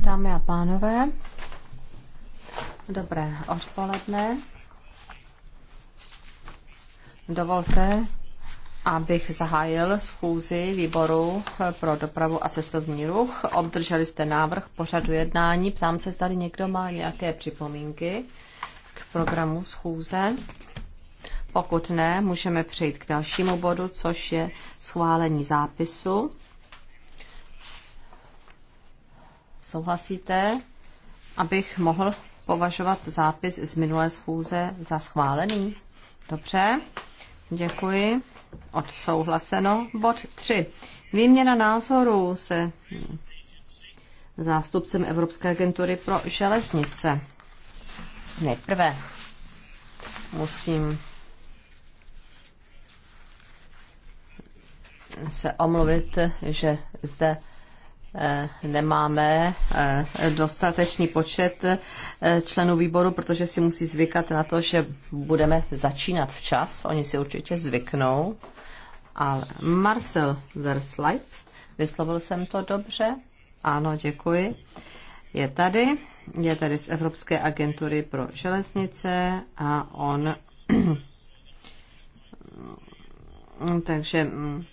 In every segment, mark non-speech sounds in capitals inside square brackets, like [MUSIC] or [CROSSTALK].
Dámy a pánové, dobré odpoledne. Dovolte, abych zahájil schůzi výboru pro dopravu a cestovní ruch. Obdrželi jste návrh pořadu jednání. Ptám se, zda někdo má nějaké připomínky k programu schůze. Pokud ne, můžeme přejít k dalšímu bodu, což je schválení zápisu Souhlasíte, abych mohl považovat zápis z minulé schůze za schválený? Dobře, děkuji. Odsouhlaseno. Bod 3. Výměna názorů se zástupcem Evropské agentury pro železnice. Nejprve musím se omluvit, že zde Eh, nemáme eh, dostatečný počet eh, členů výboru, protože si musí zvykat na to, že budeme začínat včas. Oni si určitě zvyknou. Ale Marcel Versleip, vyslovil jsem to dobře? Ano, děkuji. Je tady, je tady z Evropské agentury pro železnice a on [CLEARS THROAT] takže mm,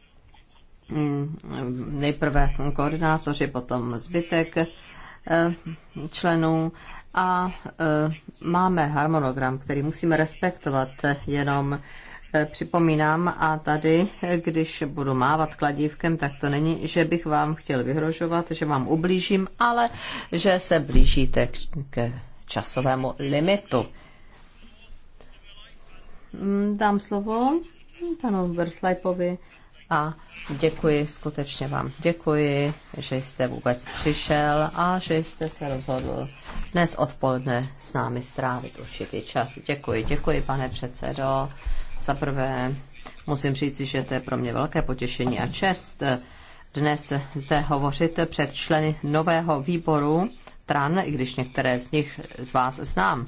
Mm, nejprve koordinátoři, potom zbytek eh, členů a eh, máme harmonogram, který musíme respektovat jenom eh, Připomínám a tady, když budu mávat kladívkem, tak to není, že bych vám chtěl vyhrožovat, že vám ublížím, ale že se blížíte k, k časovému limitu. Mm, dám slovo panu Verslajpovi a děkuji, skutečně vám děkuji, že jste vůbec přišel a že jste se rozhodl dnes odpoledne s námi strávit určitý čas. Děkuji, děkuji, pane předsedo. Za prvé musím říci, že to je pro mě velké potěšení a čest dnes zde hovořit před členy nového výboru TRAN, i když některé z nich z vás znám.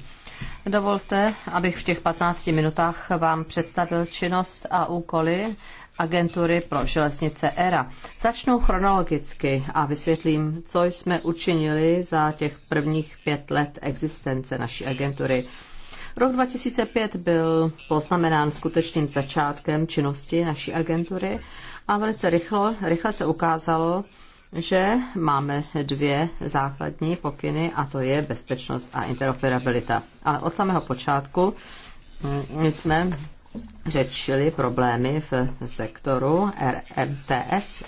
Dovolte, abych v těch 15 minutách vám představil činnost a úkoly agentury pro železnice ERA. Začnu chronologicky a vysvětlím, co jsme učinili za těch prvních pět let existence naší agentury. Rok 2005 byl poznamenán skutečným začátkem činnosti naší agentury a velice rychlo, rychle se ukázalo, že máme dvě základní pokyny a to je bezpečnost a interoperabilita. Ale od samého počátku mm, my jsme řečili problémy v sektoru RMTS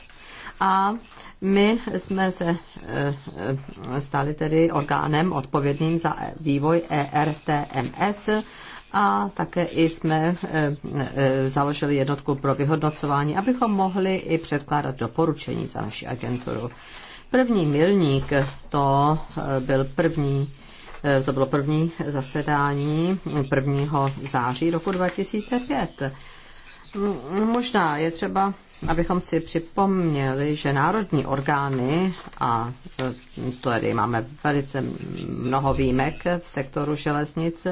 a my jsme se eh, stali tedy orgánem odpovědným za vývoj ERTMS a také i jsme eh, eh, založili jednotku pro vyhodnocování, abychom mohli i předkládat doporučení za naši agenturu. První milník to byl první Eh, to bylo první zasedání 1. září roku 2005. Možná je třeba abychom si připomněli, že národní orgány, a e, tady máme velice mnoho výjimek v sektoru železnic,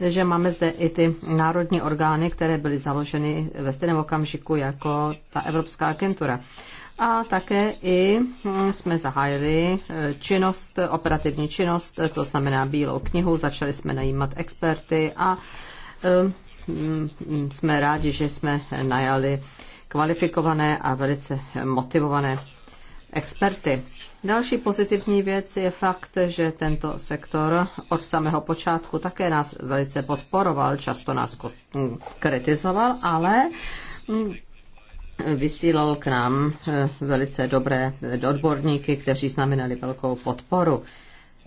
že máme zde i ty národní orgány, které byly založeny ve stejném okamžiku jako ta Evropská agentura. A také i hm, jsme zahájili e, činnost, operativní činnost, to znamená bílou knihu, začali jsme najímat experty a e, hm, hm, jsme rádi, že jsme najali kvalifikované a velice motivované experty. Další pozitivní věc je fakt, že tento sektor od samého počátku také nás velice podporoval, často nás mm, kritizoval, ale mm, vysílal k nám eh, velice dobré odborníky, kteří znamenali velkou podporu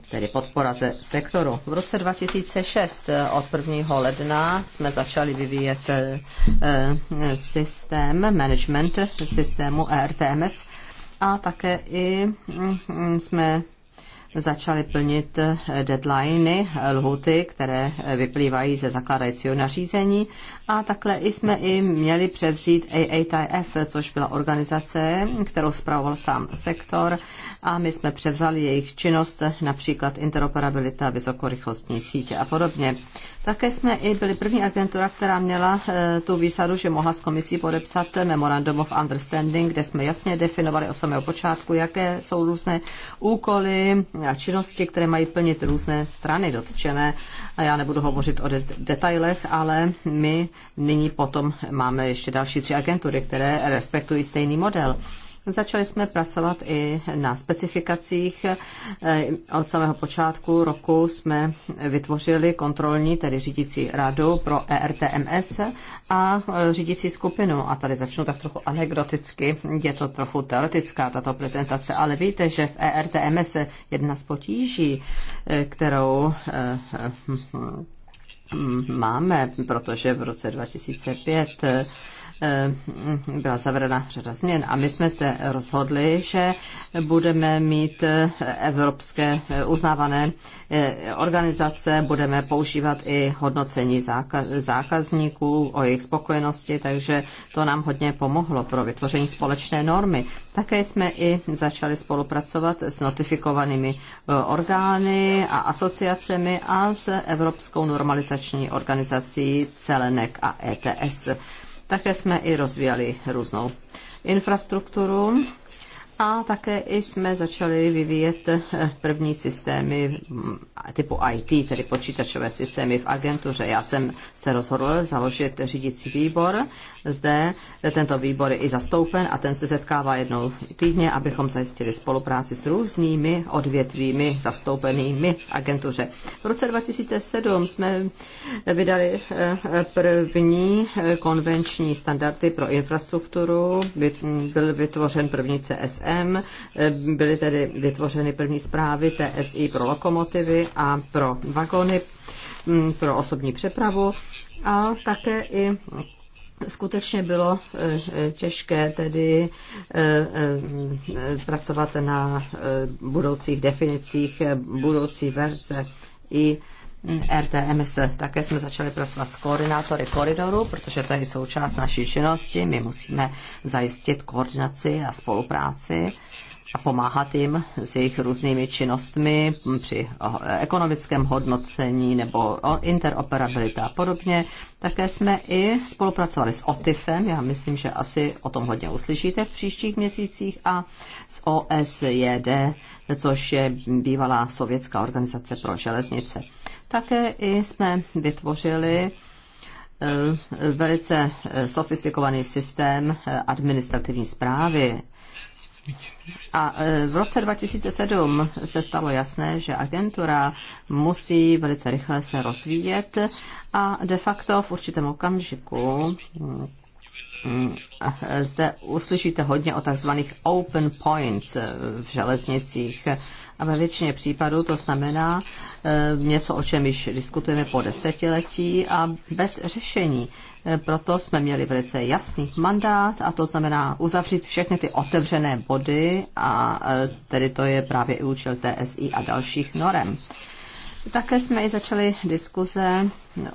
tedy podpora ze sektoru. V roce 2006 eh, od 1. ledna jsme začali vyvíjet eh, eh, systém, management systému e RTMS, a také i mm, mm, jsme začaly plnit eh, deadliny, eh, lhuty, které eh, vyplývají ze zakládajícího nařízení a takhle jsme i měli převzít AATF, což byla organizace, kterou spravoval sám sektor a my jsme převzali jejich činnost, například interoperabilita, vysokorychlostní sítě a podobně. Také jsme i byli první agentura, která měla eh, tu výsadu, že mohla s komisí podepsat Memorandum of Understanding, kde jsme jasně definovali od samého počátku, jaké jsou různé úkoly a činnosti, které mají plnit různé strany dotčené. A já nebudu hovořit o detailech, ale my nyní potom máme ještě další tři agentury, které respektují stejný model. Začali jsme pracovat i na specifikacích. E, od samého počátku roku jsme vytvořili kontrolní, tedy řídící radu pro ERTMS a e, řídící skupinu. A tady začnu tak trochu anekdoticky, je to trochu teoretická tato prezentace, ale víte, že v ERTMS jedna z potíží, e, kterou máme, protože v roce 2005 Eh, byla zavedena řada změn a my jsme se rozhodli, že budeme mít eh, evropské eh, uznávané organizace, budeme používat i hodnocení zákazníků o jejich spokojenosti, takže to nám hodně pomohlo pro vytvoření společné normy. Také jsme i začali spolupracovat s notifikovanými orgány a asociacemi a s Evropskou normalizační organizací Celenek a ETS. Také jsme i rozvíjeli různou infrastrukturu a také jsme začali vyvíjet eh, první systémy mm, typu IT, tedy počítačové systémy v agentuře. Já jsem se rozhodl založit řídící výbor. Zde tento výbor je i zastoupen a ten se setkává jednou týdně, abychom zajistili spolupráci s různými odvětvími zastoupenými v agentuře. V roce 2007 jsme vydali eh, první eh, konvenční standardy pro infrastrukturu. Byl vytvořen první CSE TSM. Eh, byly tedy vytvořeny první zprávy TSI pro lokomotivy a pro vagony mm, pro osobní přepravu a také i skutečně bylo eh, eh, těžké tedy pracovat na budoucích definicích budoucí verze i RTMS. Také jsme začali pracovat s koordinátory koridoru, protože to je součást naší činnosti. My musíme zajistit koordinaci a spolupráci a pomáhat jim s jejich různými činnostmi při ekonomickém hodnocení nebo interoperabilita a podobně. Také jsme i spolupracovali s OTIFem, já myslím, že asi o tom hodně uslyšíte v příštích měsících, a s OSJD, což je bývalá sovětská organizace pro železnice. Také i jsme vytvořili eh, velice eh, sofistikovaný systém eh, administrativní zprávy a e, v roce 2007 se stalo jasné, že agentura musí velice rychle se rozvíjet a de facto v určitém okamžiku Mm, zde uslyšíte hodně o takzvaných open points eh, v železnicích. A ve většině případů to znamená eh, něco, o čem již diskutujeme po desetiletí a bez řešení. Eh, proto jsme měli velice jasný mandát a to znamená uzavřít všechny ty otevřené body a tedy to je právě i účel TSI a dalších norem. Také jsme i začali diskuze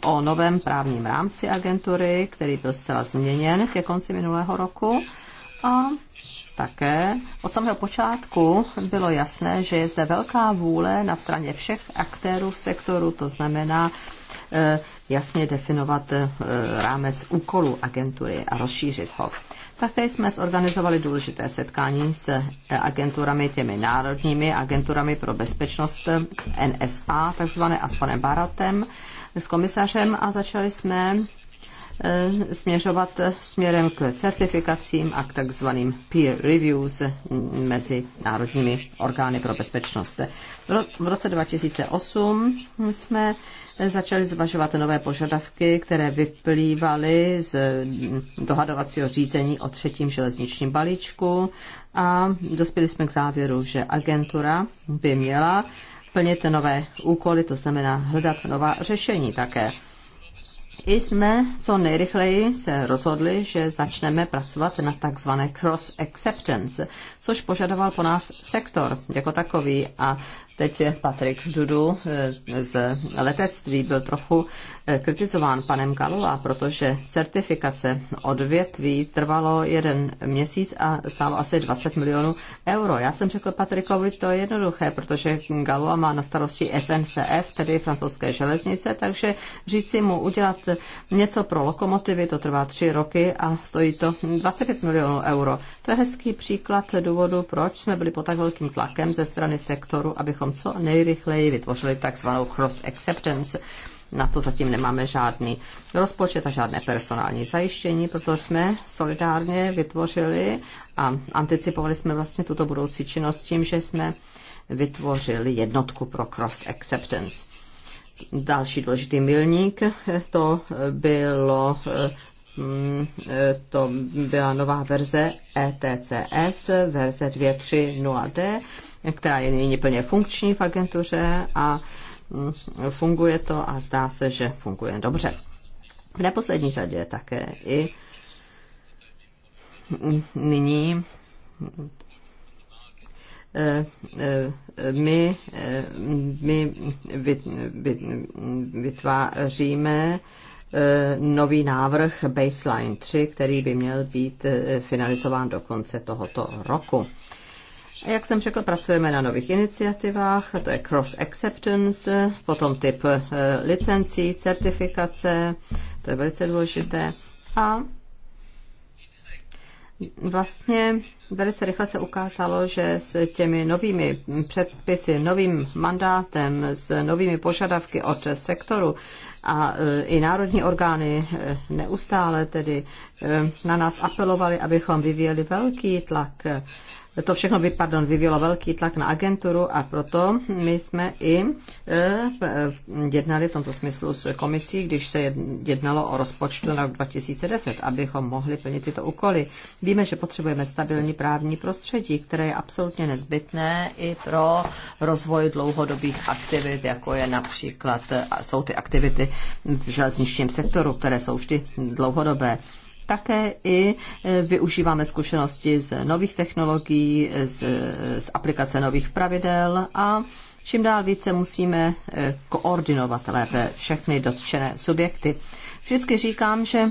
o novém právním rámci agentury, který byl zcela změněn ke konci minulého roku. A také od samého počátku bylo jasné, že je zde velká vůle na straně všech aktérů v sektoru, to znamená eh, jasně definovat eh, rámec úkolu agentury a rozšířit ho. Také jsme zorganizovali důležité setkání s agenturami, těmi národními agenturami pro bezpečnost NSA, takzvané a s panem Baratem, s komisařem a začali jsme eh, směřovat směrem k certifikacím a k takzvaným peer reviews mezi národními orgány pro bezpečnost. V roce 2008 jsme začali zvažovat nové požadavky, které vyplývaly z dohadovacího řízení o třetím železničním balíčku a dospěli jsme k závěru, že agentura by měla plnit nové úkoly, to znamená hledat nová řešení také. I jsme co nejrychleji se rozhodli, že začneme pracovat na takzvané cross acceptance, což požadoval po nás sektor jako takový a Teď je Patrik Dudu eh, z letectví byl trochu Eh, kritizován panem Kalova, protože certifikace odvětví trvalo jeden měsíc a stálo asi 20 milionů euro. Já jsem řekl Patrikovi, to je jednoduché, protože Galua má na starosti SNCF, tedy francouzské železnice, takže říci mu udělat něco pro lokomotivy, to trvá tři roky a stojí to 25 milionů euro. To je hezký příklad důvodu, proč jsme byli pod tak velkým tlakem ze strany sektoru, abychom co nejrychleji vytvořili takzvanou cross acceptance na to zatím nemáme žádný rozpočet a žádné personální zajištění, proto jsme solidárně vytvořili a anticipovali jsme vlastně tuto budoucí činnost tím, že jsme vytvořili jednotku pro cross acceptance. Další důležitý milník to bylo to byla nová verze ETCS, verze 2.3.0D, která je nyní plně funkční v agentuře a Eh, funguje to a zdá se, že funguje dobře. V neposlední řadě také i nyní eh, eh, my, my vytváříme nový návrh Baseline 3, který by měl být finalizován do konce tohoto roku. Jak jsem řekl, pracujeme na nových iniciativách, to je cross acceptance, potom typ eh, licencí, certifikace, to je velice důležité. A vlastně velice rychle se ukázalo, že s těmi novými předpisy, novým mandátem, s novými požadavky od sektoru a eh, i národní orgány eh, neustále tedy na nás apelovali, abychom vyvíjeli velký tlak to všechno by, pardon, vyvíjelo velký tlak na agenturu a proto my jsme i e, jednali v tomto smyslu s komisí, když se jednalo o rozpočtu na rok 2010, abychom mohli plnit tyto úkoly. Víme, že potřebujeme stabilní právní prostředí, které je absolutně nezbytné i pro rozvoj dlouhodobých aktivit, jako je například, jsou ty aktivity v železničním sektoru, které jsou vždy dlouhodobé také i e, využíváme zkušenosti z nových technologií, z, z aplikace nových pravidel a čím dál více musíme e, koordinovat lépe všechny dotčené subjekty. Vždycky říkám, že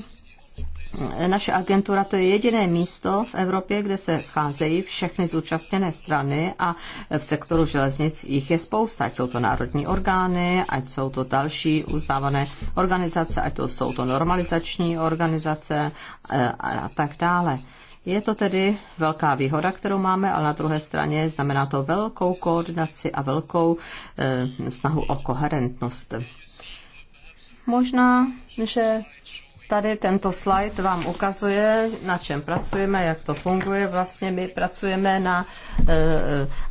naše agentura to je jediné místo v Evropě, kde se scházejí všechny zúčastněné strany a v sektoru železnic jich je spousta, ať jsou to národní orgány, ať jsou to další uznávané organizace, ať to jsou to normalizační organizace eh, a tak dále. Je to tedy velká výhoda, kterou máme, ale na druhé straně znamená to velkou koordinaci a velkou eh, snahu o koherentnost. Možná, že Tady tento slide vám ukazuje, na čem pracujeme, jak to funguje. Vlastně my pracujeme na e,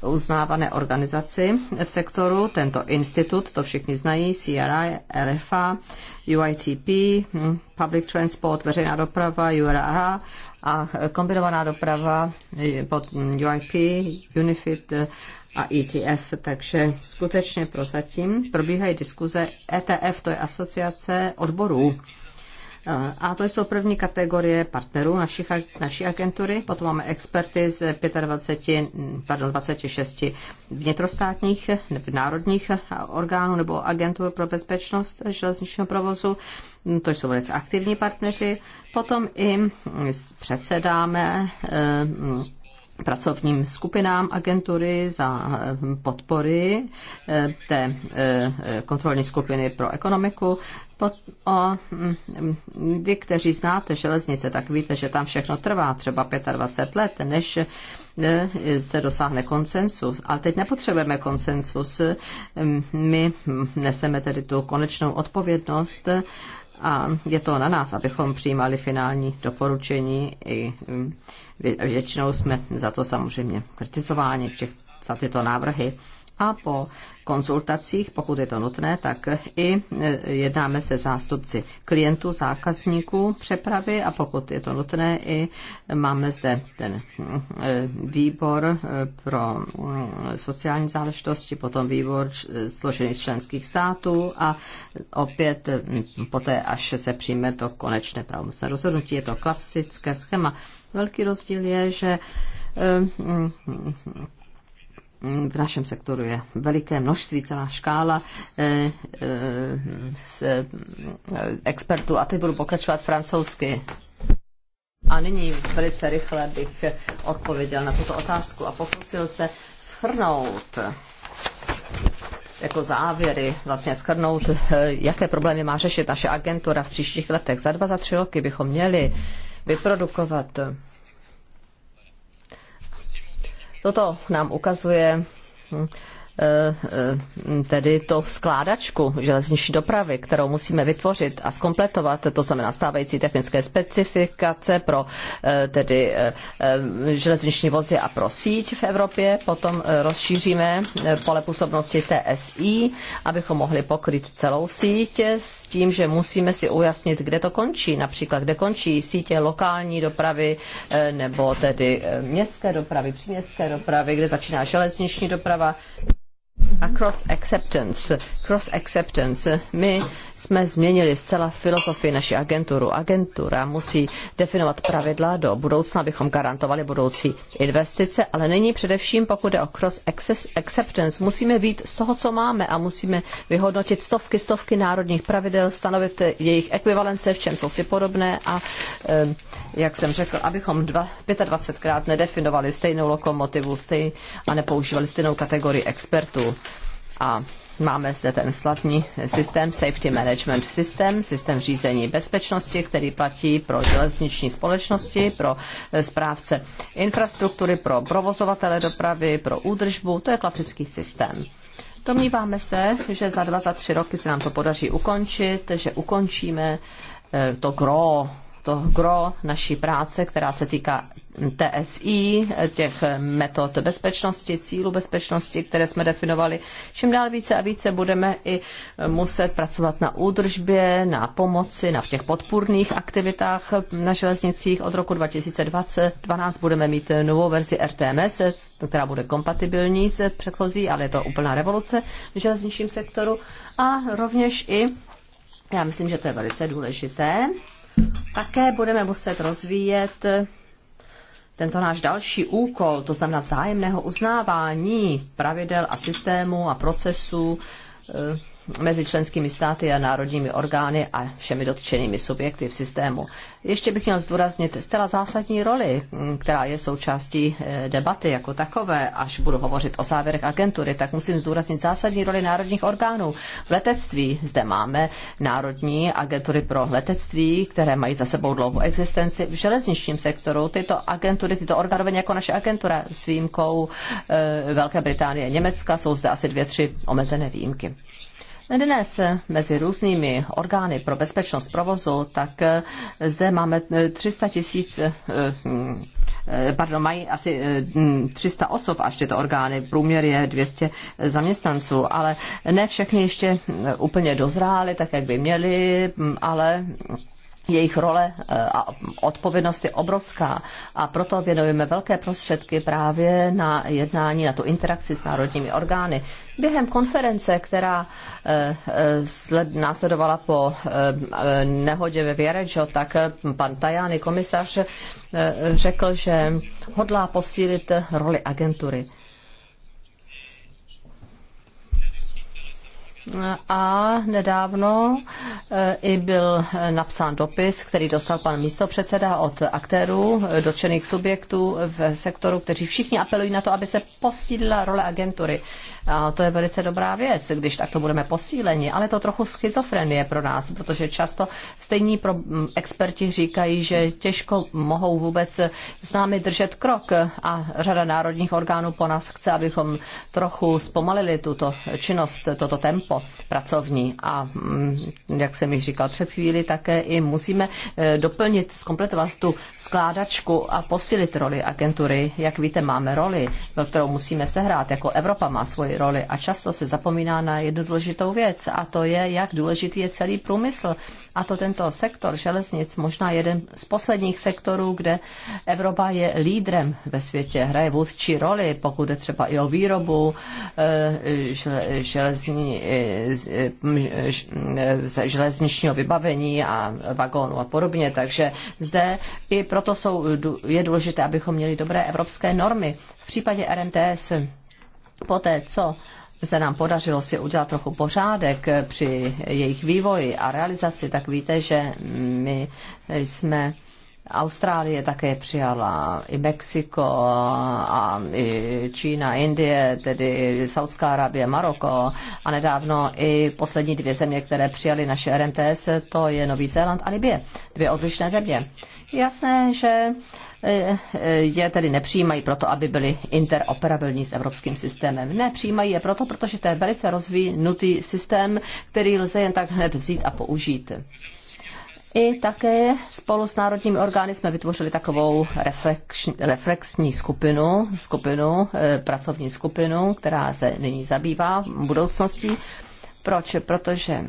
e uznávané organizaci v sektoru, tento institut, to všichni znají, CRI, LFA, UITP, hm, Public Transport, veřejná doprava, URA a kombinovaná doprava pod hm, UIP, UNIFIT, e, a ETF, takže skutečně prozatím probíhají diskuze. ETF to je asociace odborů a to jsou první kategorie partnerů našich, naší agentury. Potom máme experty z 25, pardon, 26 vnitrostátních národních orgánů nebo agentur pro bezpečnost železničního provozu. To jsou velice aktivní partneři. Potom i předsedáme eh, pracovním skupinám agentury za eh, podpory eh, té kontrolní skupiny pro ekonomiku pod, o, mm, vy, kteří znáte železnice, tak víte, že tam všechno trvá třeba 25 let, než e, se dosáhne konsensus. Ale teď nepotřebujeme konsensus. Mm, my neseme tedy tu konečnou odpovědnost a je to na nás, abychom přijímali finální doporučení. I mm, většinou jsme za to samozřejmě kritizováni všech, za tyto návrhy a po konzultacích, pokud je to nutné, tak i e, jednáme se zástupci klientů, zákazníků přepravy a pokud je to nutné, i máme zde ten e, výbor e, pro mm, sociální záležitosti, potom výbor složený z členských států a opět mm, poté, až se přijme to konečné pravomocné rozhodnutí, je to klasické schéma. Velký rozdíl je, že mm, Mm, v našem sektoru je veliké množství, celá škála eh, e, expertů. A teď budu pokračovat francouzsky. A nyní velice rychle bych odpověděl na tuto otázku a pokusil se shrnout jako závěry, vlastně schrnout, eh, jaké problémy má řešit naše agentura v příštích letech. Za dva, za tři roky bychom měli vyprodukovat Toto nám ukazuje hm, Eh, eh, tedy to skládačku železniční dopravy, kterou musíme vytvořit a zkompletovat, to znamená stávající technické specifikace pro eh, tedy železniční vozy a pro síť v Evropě, potom rozšíříme pole působnosti TSI, abychom mohli pokryt celou síť s tím, že musíme si ujasnit, kde to končí, například kde končí sítě lokální dopravy nebo tedy městské dopravy, příměstské dopravy, kde začíná železniční doprava a cross acceptance. Cross acceptance. My jsme změnili zcela filozofii naší agenturu. Agentura musí definovat pravidla do budoucna, abychom garantovali budoucí investice, ale není především, pokud je o cross acceptance, musíme být z toho, co máme a musíme vyhodnotit stovky, stovky národních pravidel, stanovit jejich ekvivalence, v čem jsou si podobné a eh, jak jsem řekl, abychom dva, 25krát nedefinovali stejnou lokomotivu stej, a nepoužívali stejnou kategorii expertů a máme zde ten slavný systém Safety Management System, systém řízení bezpečnosti, který platí pro železniční společnosti, pro eh, správce infrastruktury, pro provozovatele dopravy, pro údržbu. To je klasický systém. Domníváme se, že za dva, za tři roky se nám to podaří ukončit, že ukončíme eh, to gro, to gro naší práce, která se týká TSI, těch metod bezpečnosti, cílů bezpečnosti, které jsme definovali. Čím dál více a více budeme i muset pracovat na údržbě, na pomoci, na v těch podpůrných aktivitách na železnicích. Od roku 2012 budeme mít novou verzi RTMS, která bude kompatibilní se předchozí, ale je to úplná revoluce v železničním sektoru. A rovněž i já myslím, že to je velice důležité. Také budeme muset rozvíjet tento náš další úkol, to znamená vzájemného uznávání pravidel a systému a procesů eh, mezi členskými státy a národními orgány a všemi dotčenými subjekty v systému. Ještě bych měl zdůraznit zcela zásadní roli, mm, která je součástí eh, debaty jako takové. Až budu hovořit o závěrech agentury, tak musím zdůraznit zásadní roli národních orgánů. V letectví zde máme národní agentury pro letectví, které mají za sebou dlouhou existenci. V železničním sektoru tyto agentury, tyto orgány jako naše agentura s výjimkou eh, Velké Británie a Německa jsou zde asi dvě, tři omezené výjimky. Dnes mezi různými orgány pro bezpečnost provozu, tak eh, zde máme 300 eh, tisíc, eh, hm, pardon, mají asi 300 hm, osob až tyto orgány, průměr je 200 zaměstnanců, ale ne všechny ještě hm, úplně dozrály, tak jak by měly, ale jejich role eh, a odpovědnost je obrovská a proto věnujeme velké prostředky právě na jednání, na tu interakci s národními orgány. Během konference, která eh, eh, následovala po nehodě ve Věrečo, tak pan Tajány, komisař, řekl, že hodlá posílit roli agentury a nedávno eh, i byl eh, napsán dopis, který dostal pan místopředseda od aktérů, eh, dotčených subjektů v sektoru, kteří všichni apelují na to, aby se posílila role agentury. A to je velice dobrá věc, když takto budeme posíleni, ale to trochu schizofrenie pro nás, protože často stejní pro, mm, experti říkají, že těžko mohou vůbec s námi držet krok a řada národních orgánů po nás chce, abychom trochu zpomalili tuto činnost, toto tempo pracovní. A mm, jak jsem již říkal před chvíli, také i musíme e, doplnit, zkompletovat tu skládačku a posílit roli agentury. Jak víte, máme roli, kterou musíme sehrát, jako Evropa má svoji roli a často se zapomíná na jednu důležitou věc a to je, jak důležitý je celý průmysl a to tento sektor železnic, možná jeden z posledních sektorů, kde Evropa je lídrem ve světě, hraje vůdčí roli, pokud je třeba i o výrobu eh, železni, eh, eh, železničního vybavení a vagónu a podobně. Takže zde i proto jsou, je důležité, abychom měli dobré evropské normy. V případě RMTS poté, co se nám podařilo si udělat trochu pořádek při jejich vývoji a realizaci, tak víte, že my jsme Austrálie také přijala, i Mexiko, a i Čína, Indie, tedy Saudská Arábie, Maroko a nedávno i poslední dvě země, které přijali naše RMTS, to je Nový Zéland a Libie. Dvě odlišné země. Jasné, že je tedy nepřijímají proto, aby byly interoperabilní s evropským systémem. Nepřijímají je proto, protože to je velice rozvinutý systém, který lze jen tak hned vzít a použít. I také spolu s národními orgány jsme vytvořili takovou reflexní skupinu, skupinu, eh, pracovní skupinu, která se nyní zabývá budoucností. Proč? Protože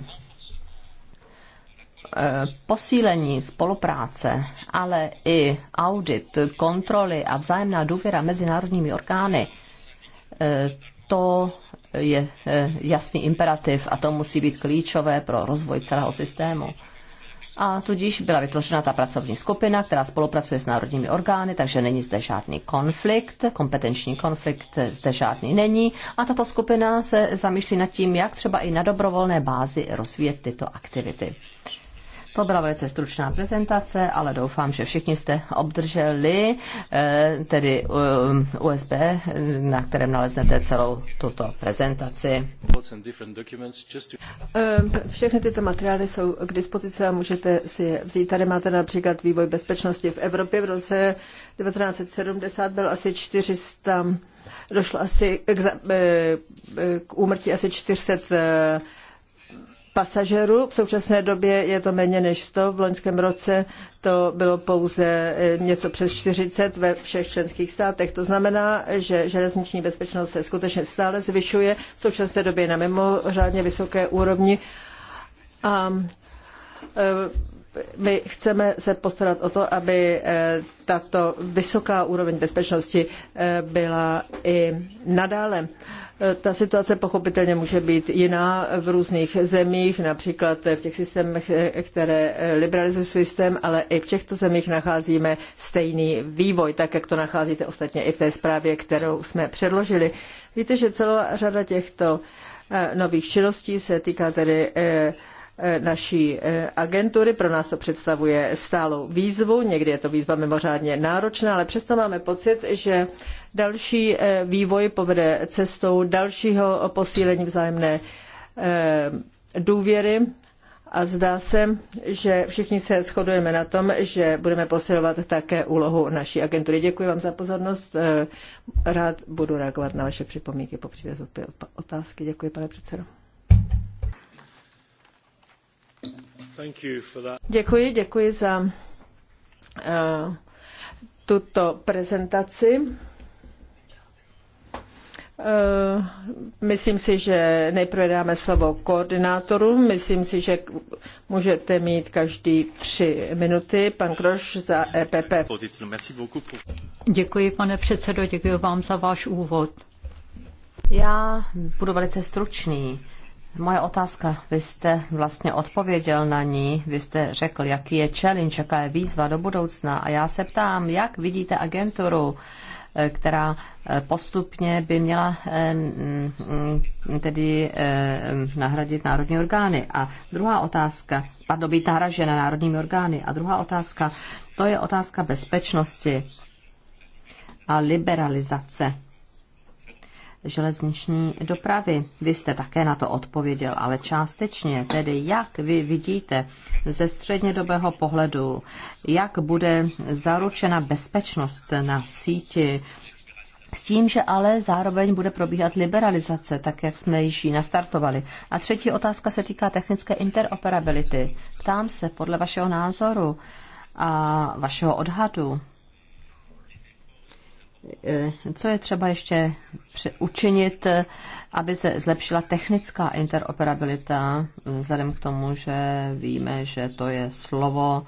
Eh, posílení spolupráce, ale i audit, kontroly a vzájemná důvěra mezinárodními orgány, eh, to je eh, jasný imperativ a to musí být klíčové pro rozvoj celého systému. A tudíž byla vytvořena ta pracovní skupina, která spolupracuje s národními orgány, takže není zde žádný konflikt, kompetenční konflikt zde žádný není. A tato skupina se zamýšlí nad tím, jak třeba i na dobrovolné bázi rozvíjet tyto aktivity. To byla velice stručná prezentace, ale doufám, že všichni jste obdrželi eh, tedy eh, USB, na kterém naleznete celou tuto prezentaci. Eh, všechny tyto materiály jsou k dispozici a můžete si je vzít. Tady máte například vývoj bezpečnosti v Evropě v roce 1970 byl asi 400, došlo asi k, k úmrtí asi 400 pasažerů. V současné době je to méně než 100. V loňském roce to bylo pouze eh, něco přes 40 ve všech členských státech. To znamená, že železniční bezpečnost se skutečně stále zvyšuje. V současné době je na mimořádně vysoké úrovni. A eh, my chceme se postarat o to, aby eh, tato vysoká úroveň bezpečnosti eh, byla i nadále. Eh, ta situace pochopitelně může být jiná v různých zemích, například v těch systémech, které liberalizují systém, ale i v těchto zemích nacházíme stejný vývoj, tak jak to nacházíte ostatně i v té zprávě, kterou jsme předložili. Víte, že celá řada těchto nových činností se týká tedy eh, E, naší e, agentury. Pro nás to představuje stálou výzvu, někdy je to výzva mimořádně náročná, ale přesto máme pocit, že další e, vývoj povede cestou dalšího posílení vzájemné důvěry a zdá se, že všichni se shodujeme na tom, že budeme posilovat také úlohu naší agentury. Děkuji vám za pozornost. Rád budu reagovat na vaše připomínky, popřípadě otázky. Děkuji, pane předsedo. Děkuji, děkuji za uh, tuto prezentaci. Eh, myslím si, že nejprve dáme slovo koordinátorům. Myslím si, že můžete mít každý tři minuty. Pan Kroš za EPP. Děkuji, pane předsedo, děkuji vám za váš úvod. Já budu velice stručný. Moje otázka, vy jste vlastně odpověděl na ní, vy jste řekl, jaký je challenge, jaká je výzva do budoucna a já se ptám, jak vidíte agenturu, eh, která eh, postupně by měla eh, mm, tedy nahradit národní orgány. A druhá otázka, pardon, být nahražena národními orgány. A druhá otázka, to je otázka bezpečnosti a liberalizace železniční dopravy. Vy jste také na to odpověděl, ale částečně, tedy jak vy vidíte ze střednědobého pohledu, jak bude zaručena bezpečnost na síti, s tím, že ale zároveň bude probíhat liberalizace, tak jak jsme již ji nastartovali. A třetí otázka se týká technické interoperability. Ptám se, podle vašeho názoru a vašeho odhadu, E, co je třeba ještě učinit, e, aby se zlepšila technická interoperabilita, e, vzhledem k tomu, že víme, že to je slovo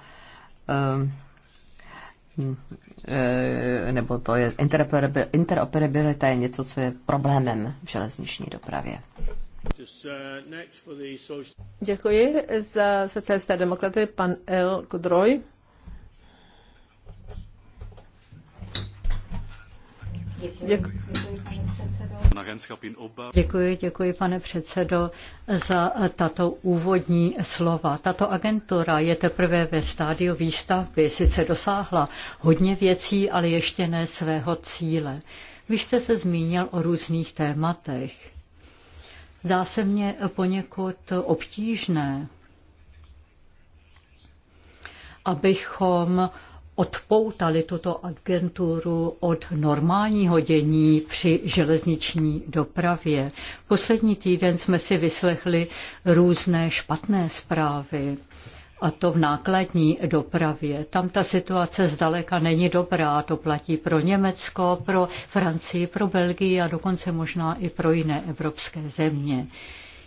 nebo to je interoperabilita je něco, co je problémem v železniční dopravě. Děkuji za socialisté demokraty, pan El Kudroj. Děkuji, děkuji, děkuji, děkuji, pane předsedo, za tato úvodní slova. Tato agentura je teprve ve stádiu výstavby, sice dosáhla hodně věcí, ale ještě ne svého cíle. Vy jste se zmínil o různých tématech. Zdá se mně poněkud obtížné, abychom odpoutali tuto agenturu od normálního dění při železniční dopravě. Poslední týden jsme si vyslechli různé špatné zprávy a to v nákladní dopravě. Tam ta situace zdaleka není dobrá, to platí pro Německo, pro Francii, pro Belgii a dokonce možná i pro jiné evropské země.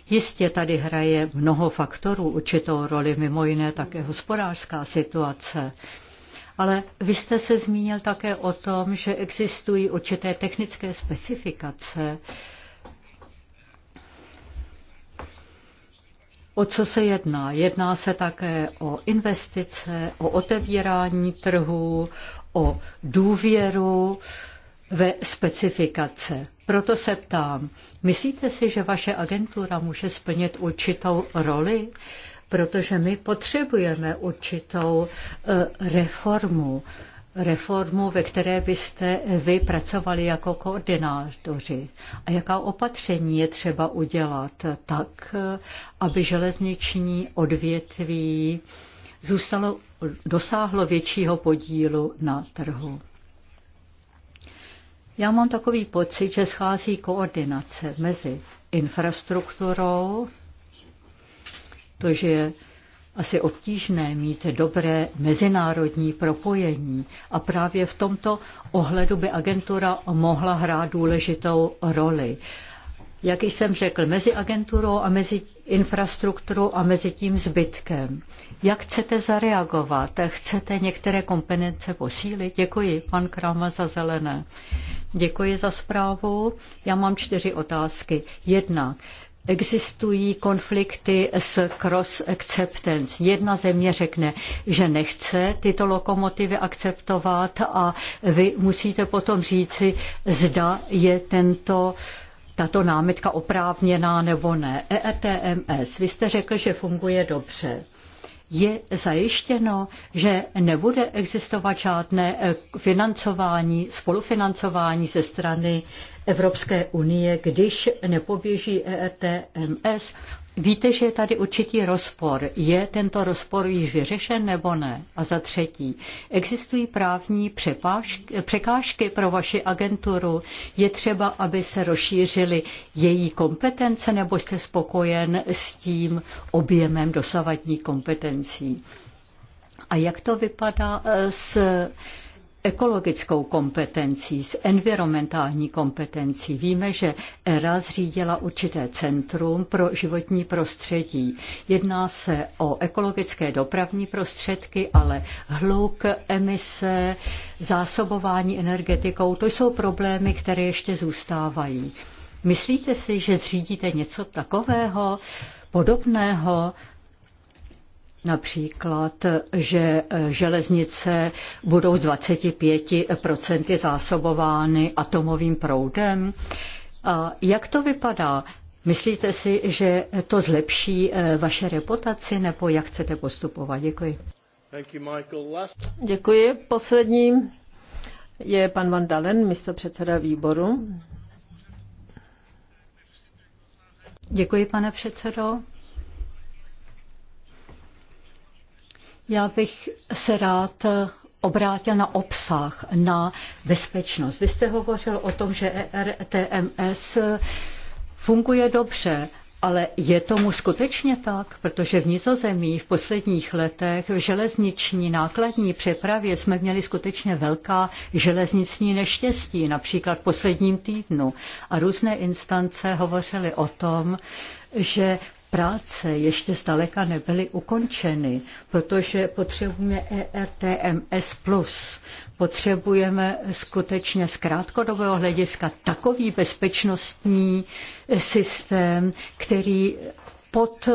Jistě tady hraje mnoho faktorů určitou roli, mimo jiné také hospodářská situace. Ale vy jste se zmínil také o tom, že existují určité technické specifikace. O co se jedná? Jedná se také o investice, o otevírání trhu, o důvěru ve specifikace. Proto se ptám, myslíte si, že vaše agentura může splnit určitou roli? protože my potřebujeme určitou eh, reformu reformu, ve které byste vy pracovali jako koordinátoři a jaká opatření je třeba udělat tak, eh, aby železniční odvětví zůstalo, dosáhlo většího podílu na trhu. Já mám takový pocit, že schází koordinace mezi infrastrukturou, to, že je asi obtížné mít dobré mezinárodní propojení a právě v tomto ohledu by agentura mohla hrát důležitou roli. Jak jsem řekl, mezi agenturou a mezi infrastrukturou a mezi tím zbytkem. Jak chcete zareagovat? Chcete některé kompetence posílit? Děkuji, pan Krama za zelené. Děkuji za zprávu. Já mám čtyři otázky. Jednak, existují konflikty s cross acceptance. Jedna země řekne, že nechce tyto lokomotivy akceptovat a vy musíte potom říci, zda je tento tato námitka oprávněná nebo ne. EETMS, vy jste řekl, že funguje dobře je zajištěno, že nebude existovat žádné eh, financování, spolufinancování ze strany Evropské unie, když nepoběží ERTMS. Víte, že je tady určitý rozpor. Je tento rozpor již vyřešen nebo ne? A za třetí, existují právní přepážky, překážky pro vaši agenturu? Je třeba, aby se rozšířily její kompetence nebo jste spokojen s tím objemem dosavadní kompetencí? A jak to vypadá eh, s ekologickou kompetencí, s environmentální kompetencí. Víme, že ERA zřídila určité centrum pro životní prostředí. Jedná se o ekologické dopravní prostředky, ale hluk, emise, zásobování energetikou, to jsou problémy, které ještě zůstávají. Myslíte si, že zřídíte něco takového podobného? Například, že e, železnice budou z 25% zásobovány atomovým proudem. A jak to vypadá? Myslíte si, že to zlepší e, vaše reputaci, nebo jak chcete postupovat? Děkuji. Děkuji. Poslední je pan Van Dalen, místo předseda výboru. Děkuji, pane předsedo. Já bych se rád obrátil na obsah, na bezpečnost. Vy jste hovořil o tom, že ERTMS funguje dobře, ale je tomu skutečně tak? Protože v Nizozemí v posledních letech v železniční nákladní přepravě jsme měli skutečně velká železniční neštěstí, například v posledním týdnu. A různé instance hovořily o tom, že práce ještě zdaleka nebyly ukončeny, protože potřebujeme ERTMS+. Potřebujeme skutečně z krátkodobého hlediska takový bezpečnostní systém, který pod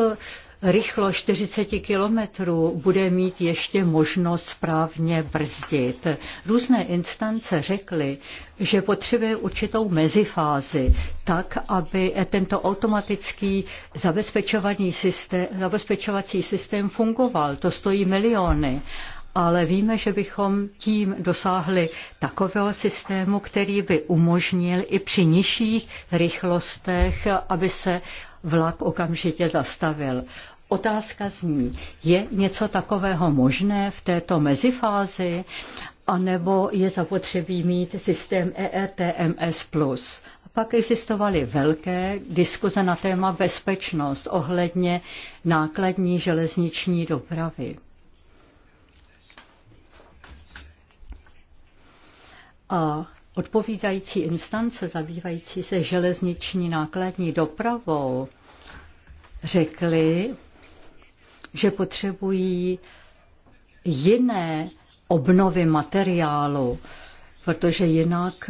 rychlo 40 kilometrů bude mít ještě možnost správně brzdit. Různé instance řekly, že potřebuje určitou mezifázi, tak, aby tento automatický zabezpečovaný systém, zabezpečovací systém fungoval. To stojí miliony ale víme, že bychom tím dosáhli takového systému, který by umožnil i při nižších rychlostech, aby se vlak okamžitě zastavil. Otázka zní, je něco takového možné v této mezifázi, anebo je zapotřebí mít systém ERTMS+. E pak existovaly velké diskuze na téma bezpečnost ohledně nákladní železniční dopravy. A odpovídající instance zabývající se železniční nákladní dopravou řekly, že potřebují jiné obnovy materiálu, protože jinak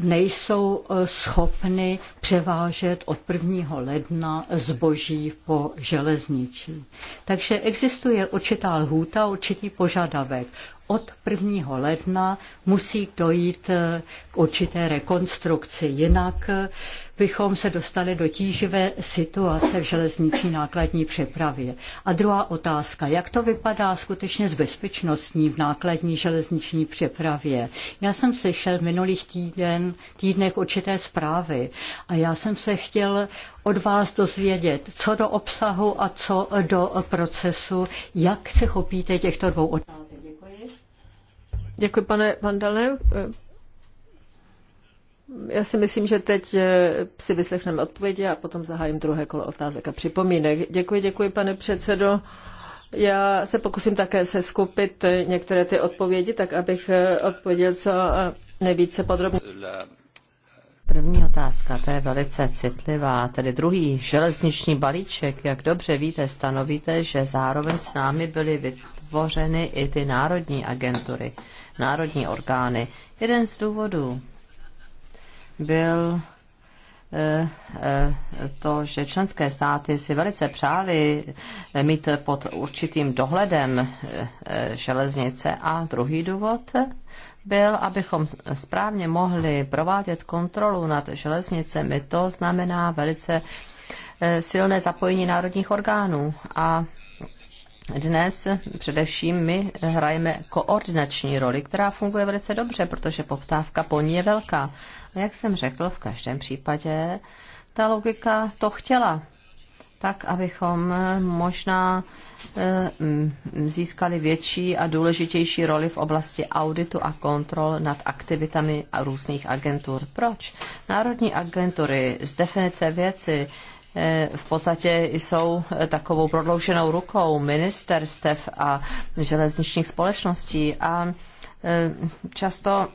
nejsou eh, schopny převážet od 1. ledna zboží po železničí. Takže existuje určitá lhůta, určitý požadavek od 1. ledna musí dojít eh, k určité rekonstrukci, jinak eh, bychom se dostali do tíživé situace v železniční nákladní přepravě. A druhá otázka, jak to vypadá skutečně s bezpečnostní v nákladní železniční přepravě? Já jsem slyšel v minulých týden, týdnech určité zprávy a já jsem se chtěl od vás dozvědět, co do obsahu a co do procesu, jak se chopíte těchto dvou otázek. Děkuji, pane Vandale. Já si myslím, že teď eh, si vyslechneme odpovědi a potom zahájím druhé kolo otázek a připomínek. Děkuji, děkuji, pane předsedo. Já se pokusím také se skupit některé ty odpovědi, tak abych eh, odpověděl co nejvíce podrobně. První otázka, to je velice citlivá, tedy druhý železniční balíček, jak dobře víte, stanovíte, že zároveň s námi byly vytvořeny i ty národní agentury, národní orgány. Jeden z důvodů byl eh, eh, to, že členské státy si velice přáli eh, mít pod určitým dohledem železnice a druhý důvod byl, abychom správně mohli provádět kontrolu nad železnicemi. To znamená velice silné zapojení národních orgánů a dnes především my hrajeme koordinační roli, která funguje velice dobře, protože poptávka po ní je velká. A jak jsem řekl, v každém případě ta logika to chtěla, tak abychom možná eh, získali větší a důležitější roli v oblasti auditu a kontrol nad aktivitami různých agentur. Proč? Národní agentury z definice věci Eh, v podstatě jsou eh, takovou prodlouženou rukou ministerstev a železničních společností a eh, často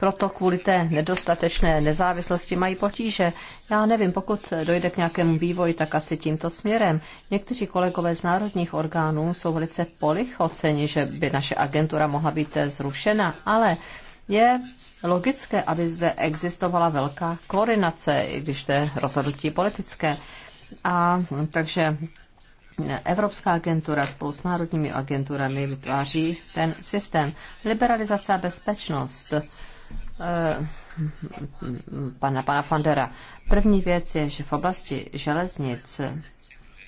proto kvůli té nedostatečné nezávislosti mají potíže. Já nevím, pokud dojde k nějakému vývoji, tak asi tímto směrem. Někteří kolegové z národních orgánů jsou velice polichoceni, že by naše agentura mohla být zrušena, ale je logické, aby zde existovala velká koordinace, i když to je rozhodnutí politické. A hm, takže Evropská agentura spolu s národními agenturami vytváří ten systém. Liberalizace a bezpečnost eh, hm, hm, pana, pana Fandera. První věc je, že v oblasti železnic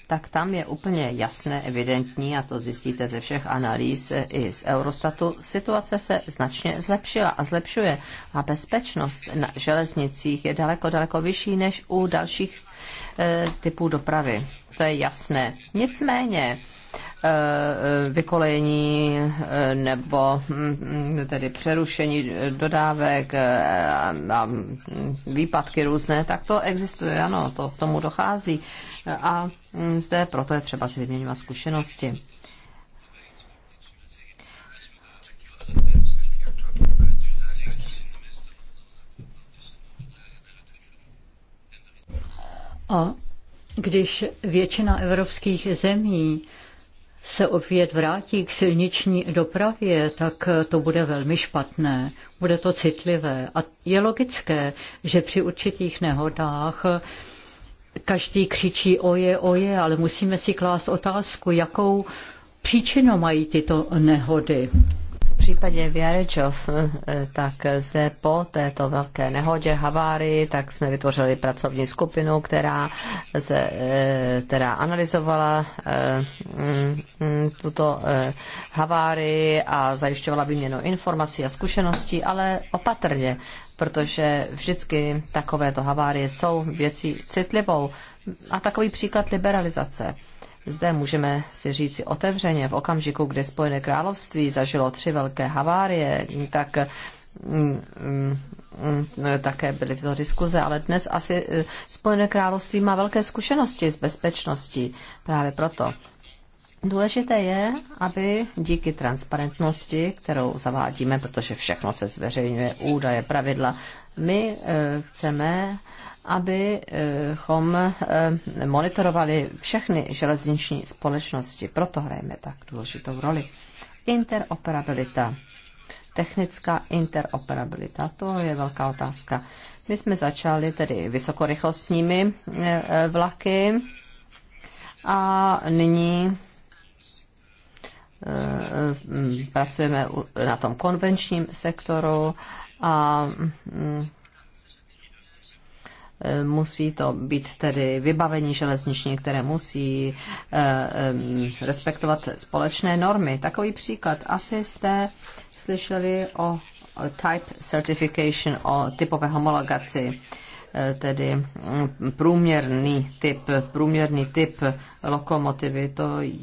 tak tam je úplně jasné, evidentní, a to zjistíte ze všech analýz eh, i z Eurostatu, situace se značně zlepšila a zlepšuje. A bezpečnost na železnicích je daleko, daleko vyšší než u dalších e, typů dopravy. To je jasné. Nicméně, eh, vykolejení nebo hm, hm, tedy přerušení dodávek a výpadky různé, tak to existuje, ano, to k tomu dochází. A Mm, zde, proto je třeba si vyměňovat zkušenosti. A když většina evropských zemí se opět vrátí k silniční dopravě, tak to bude velmi špatné, bude to citlivé. A je logické, že při určitých nehodách Každý křičí oje, oje, ale musíme si klást otázku, jakou příčinu mají tyto nehody. V případě Věrečov, eh, tak zde po této velké nehodě, havárii, tak jsme vytvořili pracovní skupinu, která, se, eh, která analyzovala eh, mm, mm, tuto havárii a zajišťovala výměnu informací a zkušeností, ale opatrně, protože vždycky takovéto havárie jsou věcí citlivou. A takový příklad liberalizace. Zde můžeme si říci otevřeně, v okamžiku, kdy Spojené království zažilo tři velké havárie, tak mm, mm, mm, také byly tyto diskuze, ale dnes asi eh, Spojené království má velké zkušenosti s bezpečností. Právě proto Důležité je, aby díky transparentnosti, kterou zavádíme, protože všechno se zveřejňuje, údaje, pravidla, my eh, chceme, abychom eh, monitorovali všechny železniční společnosti. Proto hrajeme tak důležitou roli. Interoperabilita. Technická interoperabilita, to je velká otázka. My jsme začali tedy vysokorychlostními eh, vlaky a nyní Eh, eh, pracujeme na tom konvenčním sektoru a mm, eh, musí to být tedy vybavení železniční, které musí respektovat společné normy. Takový příklad. Asi jste slyšeli o type certification, o typové homologaci. Eh, tedy mm, průměrný typ, průměrný typ lokomotivy, to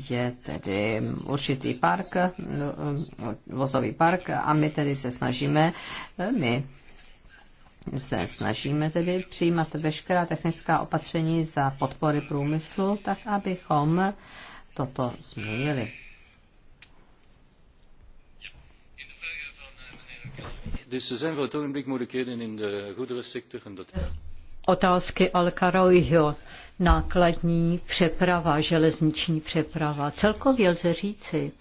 je tedy určitý park, eh, eh, vozový park a my tedy se snažíme, my se snažíme tedy přijímat veškerá technická opatření za podpory průmyslu, tak abychom toto změnili. otázky Alcaroiho, nákladní přeprava, železniční přeprava. Celkově lze říci,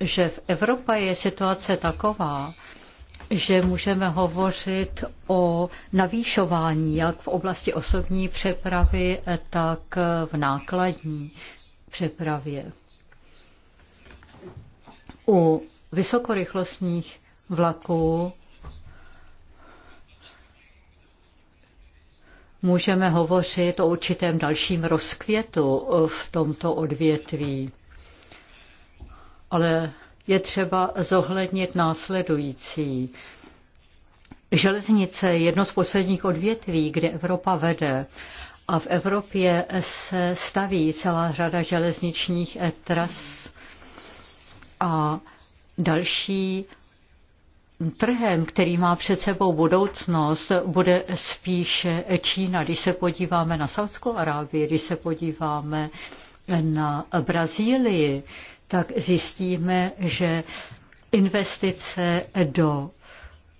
že v Evropě je situace taková, že můžeme hovořit o navýšování jak v oblasti osobní přepravy, tak v nákladní přepravě. U vysokorychlostních Vlaku můžeme hovořit o určitém dalším rozkvětu v tomto odvětví. Ale je třeba zohlednit následující. Železnice je jedno z posledních odvětví, kde Evropa vede. A v Evropě se staví celá řada železničních tras a další trhem, který má před sebou budoucnost, bude spíše Čína. Když se podíváme na Saudskou Arábii, když se podíváme na Brazílii, tak zjistíme, že investice do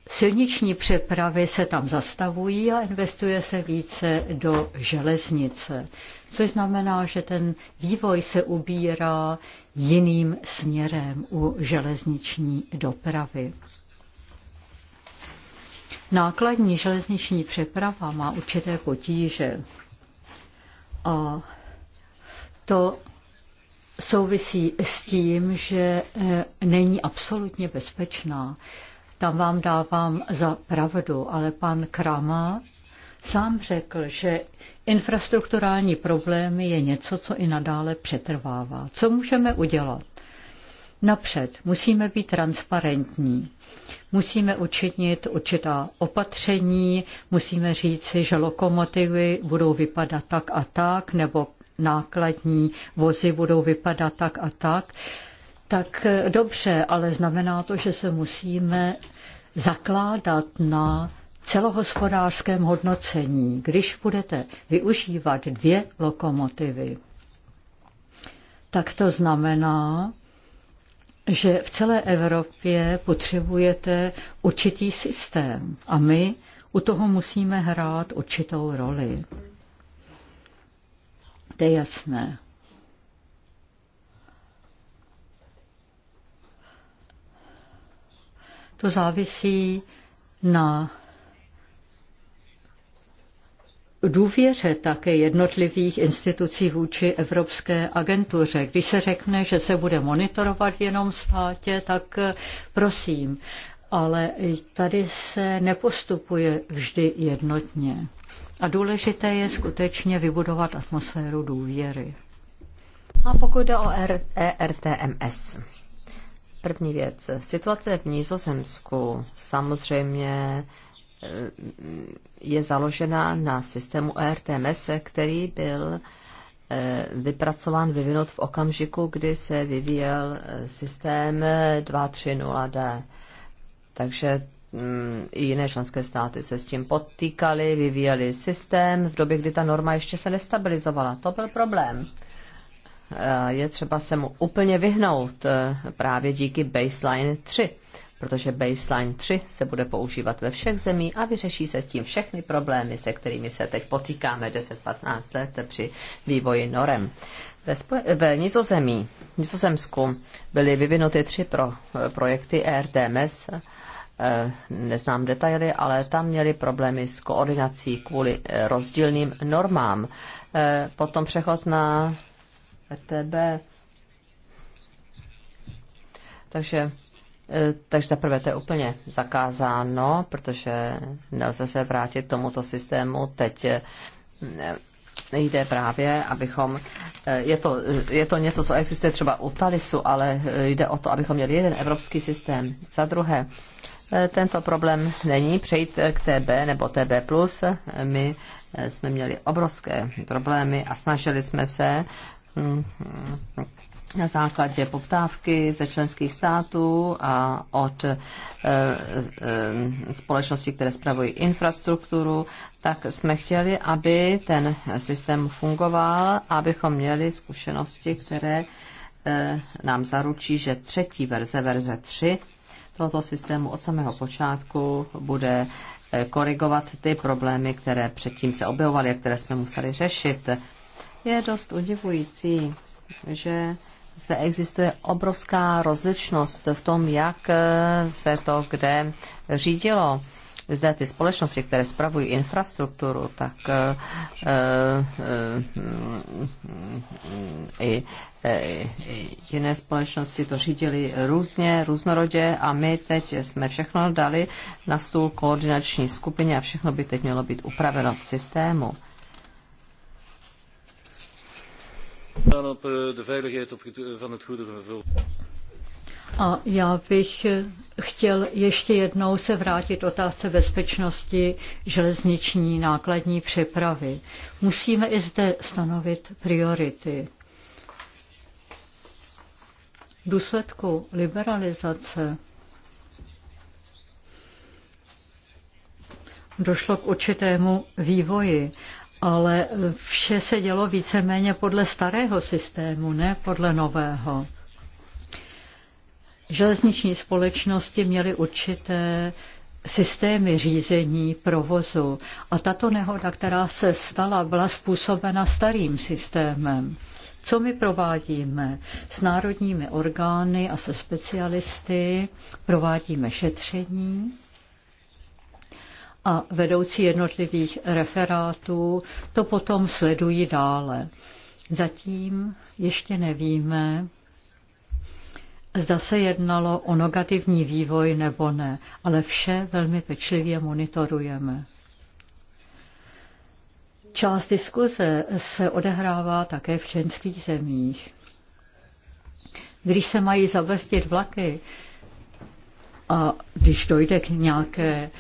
silniční přepravy se tam zastavují a investuje se více do železnice, což znamená, že ten vývoj se ubírá jiným směrem u železniční dopravy. Nákladní železniční přeprava má určité potíže. A to souvisí s tím, že eh, není absolutně bezpečná. Tam vám dávám za pravdu, ale pan Krama sám řekl, že infrastrukturální problémy je něco, co i nadále přetrvává. Co můžeme udělat? napřed. Musíme být transparentní. Musíme učinit určitá opatření, musíme říci, že lokomotivy budou vypadat tak a tak, nebo nákladní vozy budou vypadat tak a tak. Tak eh, dobře, ale znamená to, že se musíme zakládat na celohospodářském hodnocení, když budete využívat dvě lokomotivy, tak to znamená, že v celé Evropě potřebujete určitý systém a my u toho musíme hrát určitou roli. To je jasné. To závisí na důvěře také jednotlivých institucí vůči Evropské agentuře. Když se řekne, že se bude monitorovat jenom státě, tak eh, prosím, ale tady se nepostupuje vždy jednotně. A důležité je skutečně vybudovat atmosféru důvěry. A pokud jde o ERTMS. První věc. Situace v Nizozemsku samozřejmě Eh, je založena na systému ERTMS, který byl eh, vypracován, vyvinut v okamžiku, kdy se vyvíjel eh, systém 230D. Takže mm, i jiné členské státy se s tím potýkaly, vyvíjeli systém v době, kdy ta norma ještě se nestabilizovala. To byl problém. Je třeba se mu úplně vyhnout právě díky baseline 3 protože baseline 3 se bude používat ve všech zemí a vyřeší se tím všechny problémy, se kterými se teď potýkáme 10-15 let při vývoji norem. Ve, spo- ve Nizozemí, Nizozemsku byly vyvinuty tři pro, projekty ERTMS, eh, neznám detaily, ale tam měli problémy s koordinací kvůli eh, rozdílným normám. Eh, potom přechod na RTB. Takže E, takže zaprvé to je úplně zakázáno, protože nelze se vrátit tomuto systému. Teď e, jde právě, abychom, e, je to, je to něco, co existuje třeba u Talisu, ale jde o to, abychom měli jeden evropský systém. Za druhé, tento problém není přejít k TB nebo TB+. My jsme měli obrovské problémy a snažili jsme se mm, na základě poptávky ze členských států a od e, eh, e, eh, společností, které spravují infrastrukturu, tak jsme chtěli, aby ten systém fungoval, abychom měli zkušenosti, které e, nám zaručí, že třetí verze, verze 3 tohoto systému od samého počátku bude korigovat ty problémy, které předtím se objevovaly a které jsme museli řešit. Je dost udivující, že zde existuje obrovská rozličnost v tom, jak eh, se to kde řídilo. Zde ty společnosti, které spravují infrastrukturu, tak eh, eh, i jiné společnosti to řídili různě, různorodě a my teď jsme všechno dali na stůl koordinační skupině a všechno by teď mělo být upraveno v systému. Eh, A já bych chtěl ještě jednou se vrátit otázce bezpečnosti železniční nákladní přepravy. Musíme i zde stanovit priority. V důsledku liberalizace došlo k určitému vývoji ale vše se dělo víceméně podle starého systému, ne podle nového. Železniční společnosti měly určité systémy řízení provozu a tato nehoda, která se stala, byla způsobena starým systémem. Co my provádíme? S národními orgány a se specialisty provádíme šetření, a vedoucí jednotlivých referátů to potom sledují dále. Zatím ještě nevíme, zda se jednalo o negativní vývoj nebo ne, ale vše velmi pečlivě monitorujeme. Část diskuze se odehrává také v členských zemích. Když se mají zabrzdit vlaky, a když dojde k nějaké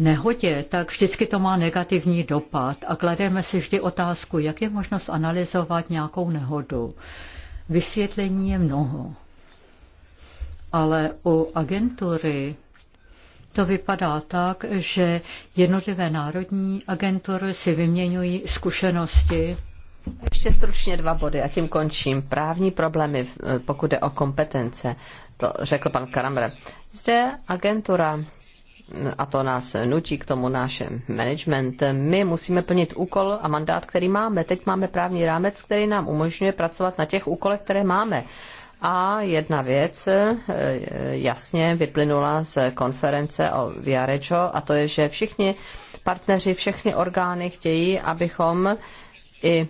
nehodě, tak vždycky to má negativní dopad a klademe si vždy otázku, jak je možnost analyzovat nějakou nehodu. Vysvětlení je mnoho. Ale u agentury to vypadá tak, že jednotlivé národní agentury si vyměňují zkušenosti. Ještě stručně dva body a tím končím. Právní problémy, pokud jde o kompetence to řekl pan Karamre. Zde agentura, a to nás nutí k tomu náš management, my musíme plnit úkol a mandát, který máme. Teď máme právní rámec, který nám umožňuje pracovat na těch úkolech, které máme. A jedna věc eh, jasně vyplynula z konference o Viarečo, a to je, že všichni partneři, všechny orgány chtějí, abychom i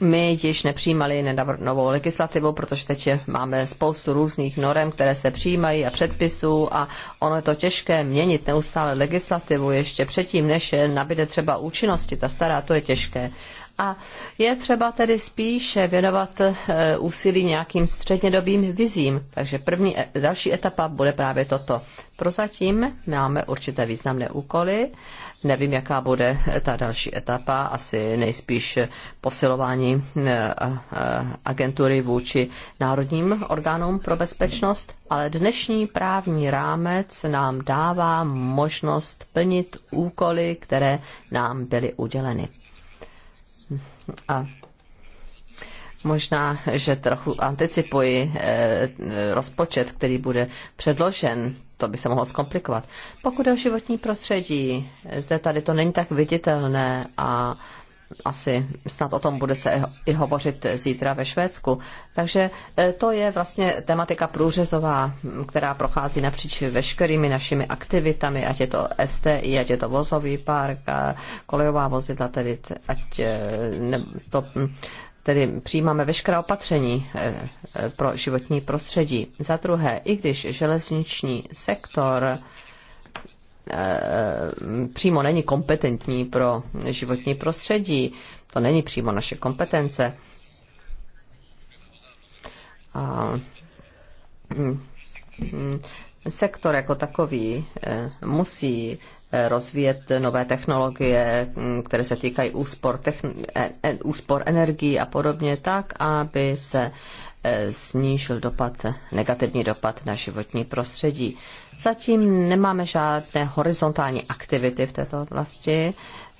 my již nepřijímali novou legislativu, protože teď máme spoustu různých norem, které se přijímají a předpisů a ono je to těžké měnit neustále legislativu ještě předtím, než nabide třeba účinnosti. Ta stará, to je těžké. A je třeba tedy spíše věnovat eh, úsilí nějakým střednědobým vizím. Takže první, e, další etapa bude právě toto. Prozatím máme určité významné úkoly. Nevím, jaká bude eh, ta další etapa, asi nejspíš posilování eh, agentury vůči národním orgánům pro bezpečnost, ale dnešní právní rámec nám dává možnost plnit úkoly, které nám byly uděleny. A možná, že trochu anticipuji eh, rozpočet, který bude předložen. To by se mohlo zkomplikovat. Pokud je o životní prostředí, zde tady to není tak viditelné a asi snad o tom bude se i hovořit zítra ve Švédsku. Takže eh, to je vlastně tematika průřezová, která prochází napříč veškerými našimi aktivitami, ať je to STI, ať je to vozový park, kolejová vozidla, tedy ať eh, to hm, tedy přijímáme veškerá opatření eh, pro životní prostředí. Za druhé, i když železniční sektor Eh, přímo není kompetentní pro životní prostředí. To není přímo naše kompetence. A mm, mm, sektor jako takový eh, musí eh, rozvíjet nové technologie, mm, které se týkají úspor, techn- e-, e-, úspor energií a podobně, tak, aby se snížil dopad, negativní dopad na životní prostředí. Zatím nemáme žádné horizontální aktivity v této oblasti.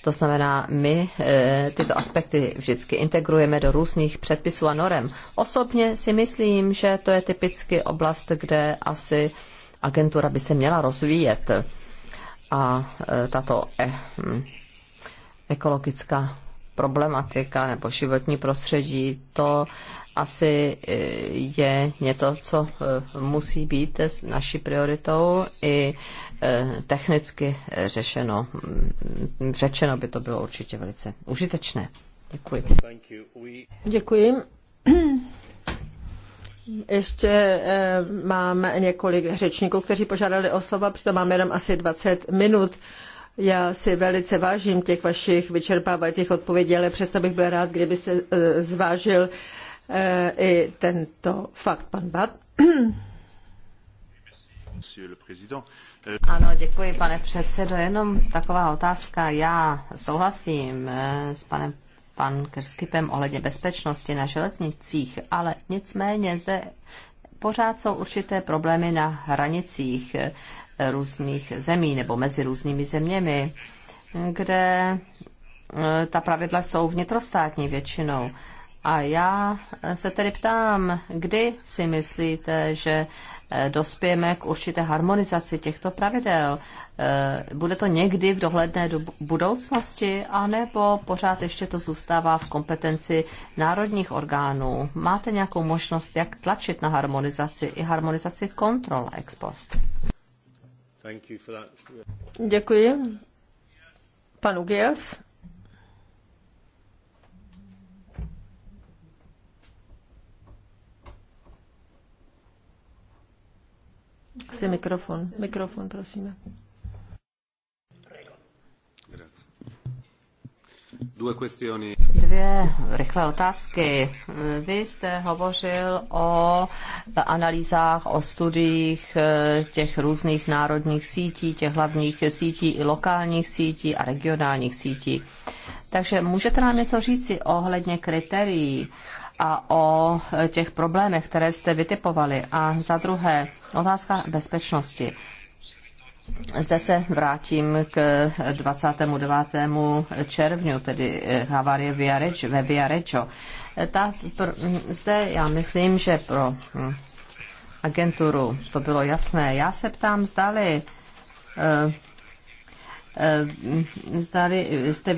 To znamená, my eh, tyto aspekty vždycky integrujeme do různých předpisů a norem. Osobně si myslím, že to je typicky oblast, kde asi agentura by se měla rozvíjet. A eh, tato e ekologická problematika nebo životní prostředí, to asi eh, je něco, co eh, musí být s naší prioritou i eh, technicky řešeno. Mm, řečeno by to bylo určitě velice užitečné. Děkuji. Děkuji. [CLEARS THROAT] Ještě máme několik řečníků, kteří požádali o slova, přitom máme jenom asi 20 minut. Já si velice vážím těch vašich vyčerpávajících odpovědí, ale přesto bych byl rád, kdybyste eh, zvážil eh, i tento fakt, pan Bat. Eh, ano, děkuji, pane předsedo. Jenom taková otázka. Já souhlasím s panem pan Krskypem ohledně bezpečnosti na železnicích, ale nicméně zde pořád jsou určité problémy na hranicích různých zemí nebo mezi různými zeměmi, kde eh, ta pravidla jsou vnitrostátní většinou. A já se tedy ptám, kdy si myslíte, že eh, dospějeme k určité harmonizaci těchto pravidel? Eh, bude to někdy v dohledné do budoucnosti, anebo pořád ještě to zůstává v kompetenci národních orgánů? Máte nějakou možnost, jak tlačit na harmonizaci i harmonizaci kontrol ex post? Děkuji. Pan Ugias. Asi mikrofon. Mikrofon, prosíme. Dvě rychlé otázky. Vy jste hovořil o analýzách, o studiích eh, těch různých národních sítí, těch hlavních sítí i lokálních sítí a regionálních sítí. Takže můžete nám něco říci ohledně kritérií a o eh, těch problémech, které jste vytipovali? A za druhé, otázka bezpečnosti. Zde se vrátím k 29. červnu, tedy eh, havárie ve Viarečo. Eh, ta, pr, zde já myslím, že pro hm, agenturu to bylo jasné. Já se ptám, zdali eh, Zdali jste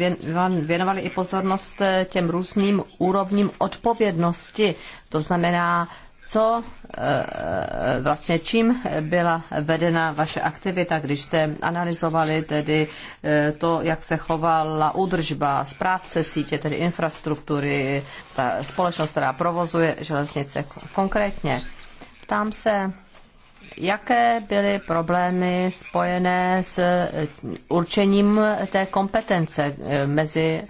věnovali i pozornost těm různým úrovním odpovědnosti, to znamená co eh, eh, vlastně čím byla vedena vaše aktivita, když jste analyzovali tedy eh, to, jak se chovala údržba, správce sítě, tedy infrastruktury, ta společnost, která provozuje železnice konkrétně. Ptám se, jaké byly problémy spojené s určením té kompetence mezi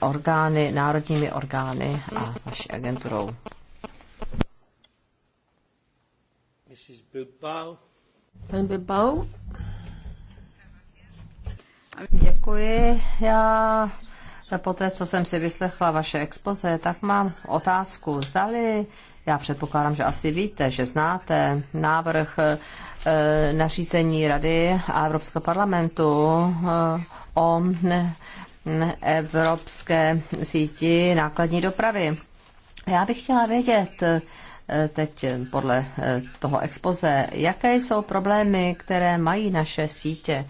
orgány, národními orgány a vaší agenturou? Bilbao. Pan Bilbao. Děkuji. Já po té, co jsem si vyslechla vaše expoze, tak mám otázku. Zdali, já předpokládám, že asi víte, že znáte návrh e, nařízení Rady a Evropského parlamentu e, o ne, ne, evropské síti nákladní dopravy. Já bych chtěla vědět, teď podle eh, toho expoze, jaké jsou problémy, které mají naše sítě eh,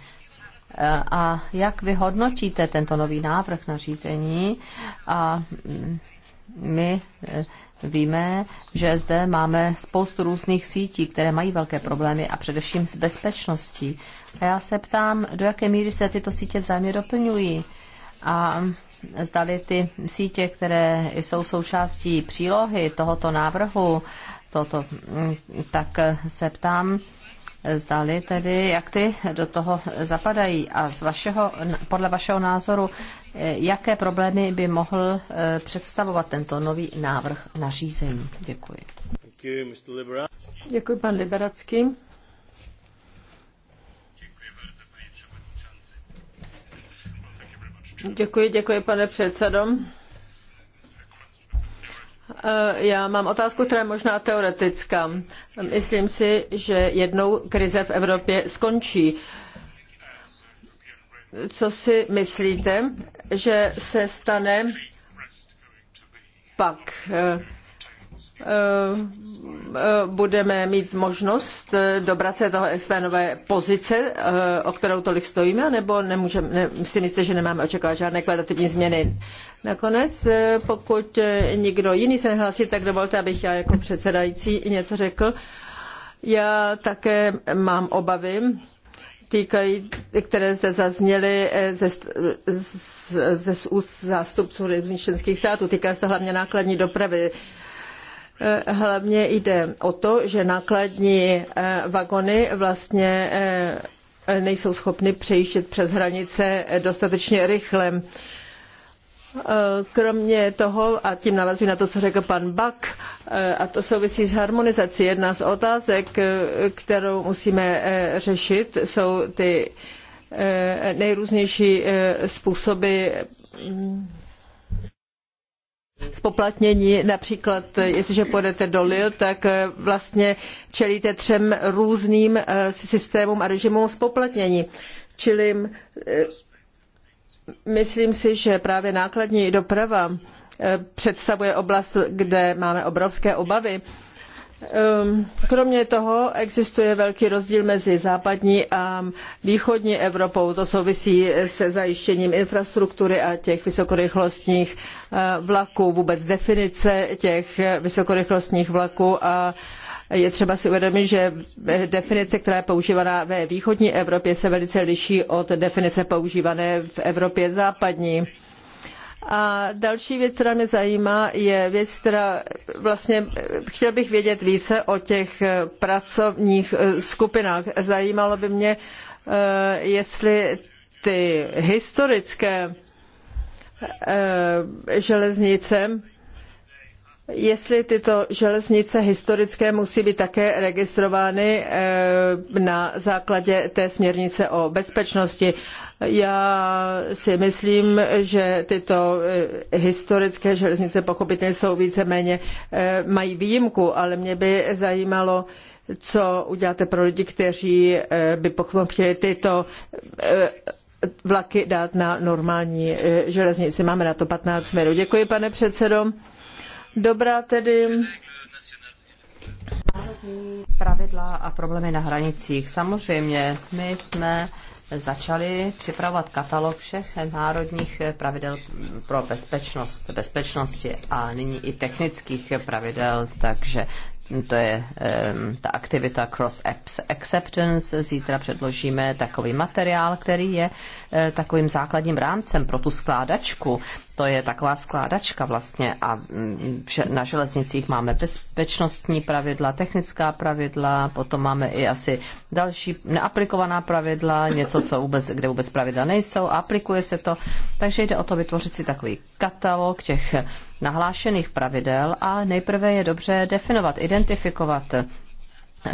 a jak vy hodnotíte tento nový návrh na řízení a mm, my eh, víme, že zde máme spoustu různých sítí, které mají velké problémy a především s bezpečností. A já se ptám, do jaké míry se tyto sítě vzájemně doplňují a zdali ty sítě, které jsou součástí přílohy tohoto návrhu, toto, mm, tak se ptám, zdali tedy, jak ty do toho zapadají a z vašeho, podle vašeho názoru, eh, jaké problémy by mohl eh, představovat tento nový návrh nařízení. Děkuji. Děkuji, pan Liberacký. Děkuji, děkuji, pane předsedo. Eh, já mám otázku, která je možná teoretická. Myslím si, že jednou krize v Evropě skončí. Co si myslíte, že se stane pak? Eh, Eh, eh, budeme mít možnost eh, dobrat se toho své nové pozice, o kterou tolik stojíme, nebo nemůžeme, ne, si myslíte, že nemáme očekávat žádné kvalitativní změny? Nakonec, pokud nikdo jiný se nehlásí, tak dovolte, abych já jako předsedající něco řekl. Já také mám obavy, týkají, které zde zazněly ze, ze, ze úst zástupců různých členských států. Týká se to hlavně nákladní dopravy. Eh, hlavně jde o to, že nákladní eh, vagony vlastně eh, nejsou schopny přejíždět přes hranice dostatečně rychle. Kromě toho, a tím navazuji na to, co řekl pan Bak, a to souvisí s harmonizací. Jedna z otázek, kterou musíme řešit, jsou ty nejrůznější způsoby mm, spoplatnění. Například, jestliže půjdete do Lille, tak eh, vlastně čelíte třem různým eh, systémům a režimům spoplatnění. Čili eh, myslím si, že právě nákladní doprava představuje oblast, kde máme obrovské obavy. Ehm, kromě toho existuje velký rozdíl mezi západní a východní Evropou. To souvisí se zajištěním infrastruktury a těch vysokorychlostních eh, vlaků, vůbec definice těch vysokorychlostních vlaků a je třeba si uvědomit, že definice, která je používaná ve východní Evropě, se velice liší od definice používané v Evropě západní. A další věc, která mě zajímá, je věc, která vlastně chtěl bych vědět více o těch eh, pracovních eh, skupinách. Zajímalo by mě, eh, jestli ty historické železnice jestli tyto železnice historické musí být také registrovány eh, na základě té směrnice o bezpečnosti. Já si myslím, že tyto eh, historické železnice pochopitelně jsou víceméně eh, mají výjimku, ale mě by zajímalo, co uděláte pro lidi, kteří by potom chtěli tyto vlaky dát na normální železnici. Máme na to 15 minut. Děkuji, pane předsedo dobrá tedy pravidla a problémy na hranicích. Samozřejmě, my jsme začali připravovat katalog všech národních pravidel pro bezpečnost, bezpečnosti a nyní i technických pravidel, takže to je um, ta aktivita Cross Apps Acceptance. Zítra předložíme takový materiál, který je uh, takovým základním rámcem pro tu skládačku to je taková skládačka vlastně a mm, na železnicích máme bezpečnostní pravidla, technická pravidla, potom máme i asi další neaplikovaná pravidla, něco, co vůbec, kde vůbec pravidla nejsou a aplikuje se to. Takže jde o to vytvořit si takový katalog těch nahlášených pravidel a nejprve je dobře definovat, identifikovat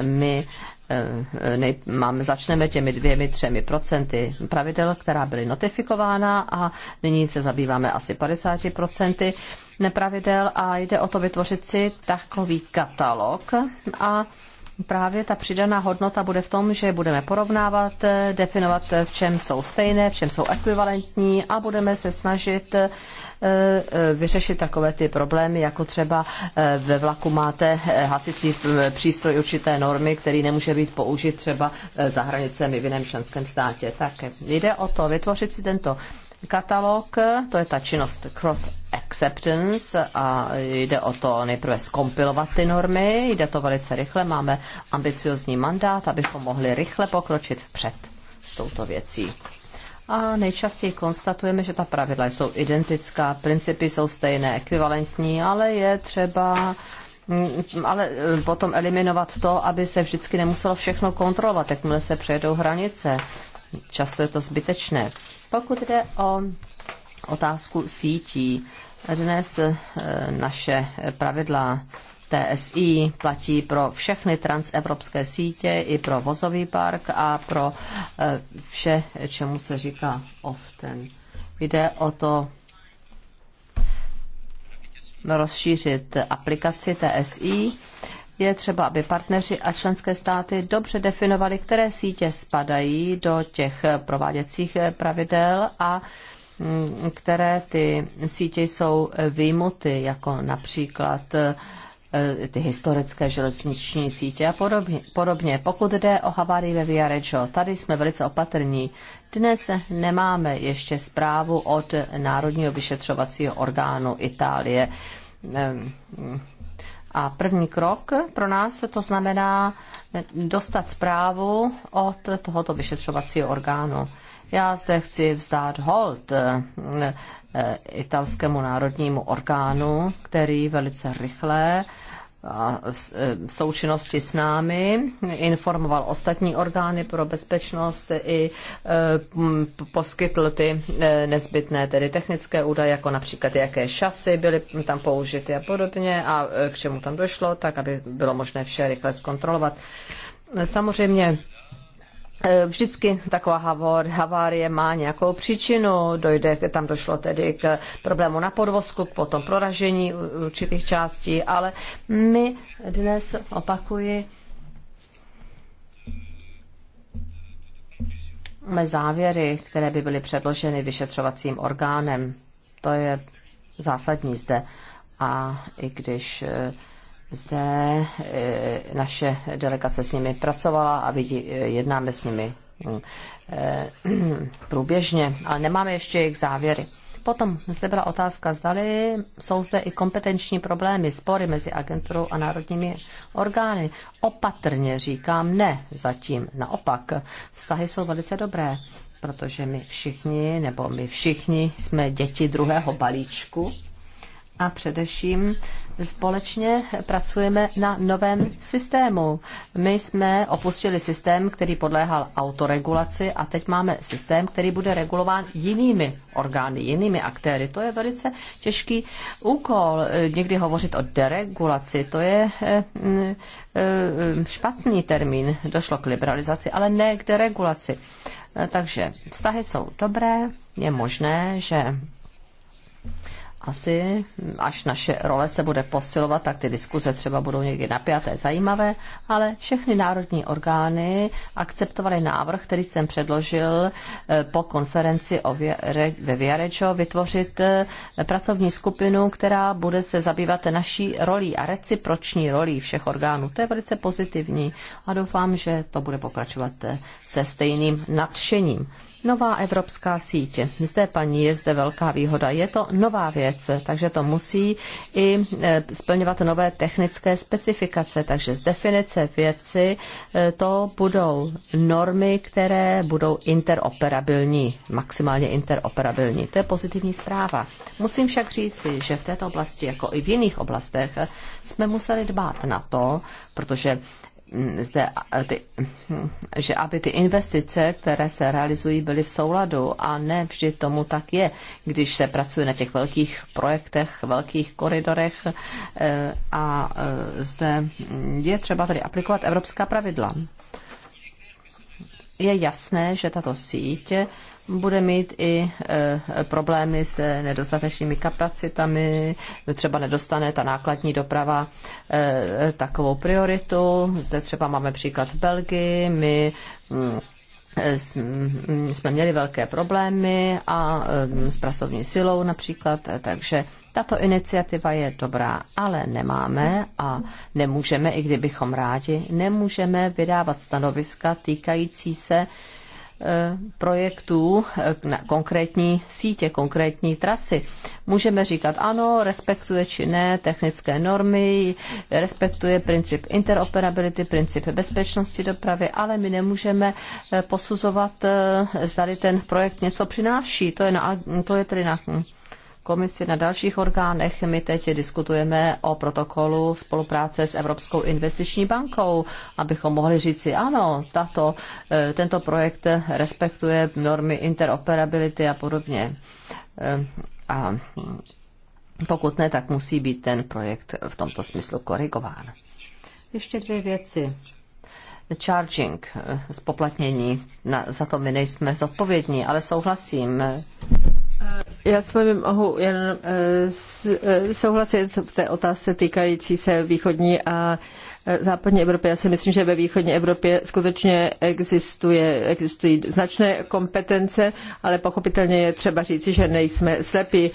my Eh, nej, mám, začneme těmi dvěmi, třemi procenty pravidel, která byly notifikována a nyní se zabýváme asi 50 procenty nepravidel a jde o to vytvořit si takový katalog a Právě ta přidaná hodnota bude v tom, že budeme porovnávat, eh, definovat, eh, v čem jsou stejné, v čem jsou ekvivalentní a budeme se snažit eh, vyřešit takové ty problémy, jako třeba ve vlaku máte hasicí přístroj určité normy, který nemůže být použit třeba za hranicemi v jiném členském státě. Tak jde o to vytvořit si tento katalog, to je ta činnost cross acceptance a jde o to nejprve skompilovat ty normy, jde to velice rychle, máme ambiciozní mandát, abychom mohli rychle pokročit před s touto věcí. A nejčastěji konstatujeme, že ta pravidla jsou identická, principy jsou stejné, ekvivalentní, ale je třeba mm, ale eh, potom eliminovat to, aby se vždycky nemuselo všechno kontrolovat, jakmile se přejedou hranice. Často je to zbytečné. Pokud jde o otázku sítí, dnes eh, naše pravidla TSI platí pro všechny transevropské sítě, i pro vozový park a pro eh, vše, čemu se říká often. Jde o to rozšířit aplikaci TSI je třeba, aby partneři a členské státy dobře definovali, které sítě spadají do těch prováděcích pravidel a mm, které ty sítě jsou výjimuty, jako například e, ty historické železniční sítě a podobně. Pokud jde o havárii ve Viarečo, tady jsme velice opatrní. Dnes nemáme ještě zprávu od Národního vyšetřovacího orgánu Itálie ehm, a první krok pro nás to znamená dostat zprávu od tohoto vyšetřovacího orgánu. Já zde chci vzdát hold eh, eh, italskému národnímu orgánu, který velice rychle a e, v součinnosti s námi, informoval ostatní orgány pro bezpečnost i e, poskytl ty e, nezbytné tedy technické údaje, jako například jaké šasy byly tam použity a podobně a k čemu tam došlo, tak aby bylo možné vše rychle zkontrolovat. Samozřejmě E, vždycky taková havárie má nějakou příčinu, dojde, tam došlo tedy k problému na podvozku, k potom proražení určitých částí, ale my dnes opakuji závěry, které by byly předloženy vyšetřovacím orgánem. To je zásadní zde. A i když e, zde e, naše delegace s nimi pracovala a vidí, e, jednáme s nimi mm, e, [CLEARS THROAT] průběžně, ale nemáme ještě jejich závěry. Potom zde byla otázka, zdali jsou zde i kompetenční problémy, spory mezi agenturou a národními orgány. Opatrně říkám ne zatím. Naopak, vztahy jsou velice dobré, protože my všichni, nebo my všichni jsme děti druhého balíčku a především společně pracujeme na novém systému. My jsme opustili systém, který podléhal autoregulaci a teď máme systém, který bude regulován jinými orgány, jinými aktéry. To je velice těžký úkol. Eh, někdy hovořit o deregulaci, to je eh, eh, špatný termín. Došlo k liberalizaci, ale ne k deregulaci. Takže vztahy jsou dobré, je možné, že asi, až naše role se bude posilovat, tak ty diskuze třeba budou někdy napjaté, zajímavé, ale všechny národní orgány akceptovaly návrh, který jsem předložil eh, po konferenci o Vě- ve Viarečo vytvořit eh, pracovní skupinu, která bude se zabývat naší rolí a reciproční rolí všech orgánů. To je velice pozitivní a doufám, že to bude pokračovat eh, se stejným nadšením. Nová evropská síť. Zde, paní, je zde velká výhoda. Je to nová věc, takže to musí i e, splňovat nové technické specifikace. Takže z definice věci e, to budou normy, které budou interoperabilní, maximálně interoperabilní. To je pozitivní zpráva. Musím však říci, že v této oblasti, jako i v jiných oblastech, jsme museli dbát na to, protože zde, ty, že aby ty investice, které se realizují, byly v souladu a ne vždy tomu tak je, když se pracuje na těch velkých projektech, velkých koridorech eh, a eh, zde je třeba tady aplikovat evropská pravidla. Je jasné, že tato síť bude mít i eh, problémy s eh, nedostatečnými kapacitami, třeba nedostane ta nákladní doprava eh, takovou prioritu. Zde třeba máme příklad v Belgii, my mm, mm, jsme měli velké problémy a s pracovní silou například, takže tato iniciativa je dobrá, ale nemáme a nemůžeme, i kdybychom rádi, nemůžeme vydávat stanoviska týkající se Eh, projektů, eh, konkrétní sítě, konkrétní trasy. Můžeme říkat ano, respektuje či ne technické normy, respektuje princip interoperability, princip bezpečnosti dopravy, ale my nemůžeme eh, posuzovat, zda ten projekt něco přináší. To je, na, to je tedy na komisi, na dalších orgánech. My teď diskutujeme o protokolu spolupráce s Evropskou investiční bankou, abychom mohli říci, ano, tato, eh, tento projekt respektuje normy interoperability a podobně. Eh, a pokud ne, tak musí být ten projekt v tomto smyslu korigován. Ještě dvě věci charging, eh, zpoplatnění, Na, za to my nejsme zodpovědní, ale souhlasím já s vámi mohu jen eh, eh, souhlasit v té otázce týkající se východní a eh, západní Evropy. Já si myslím, že ve východní Evropě skutečně existuje, existují značné kompetence, ale pochopitelně je třeba říci, že nejsme slepí.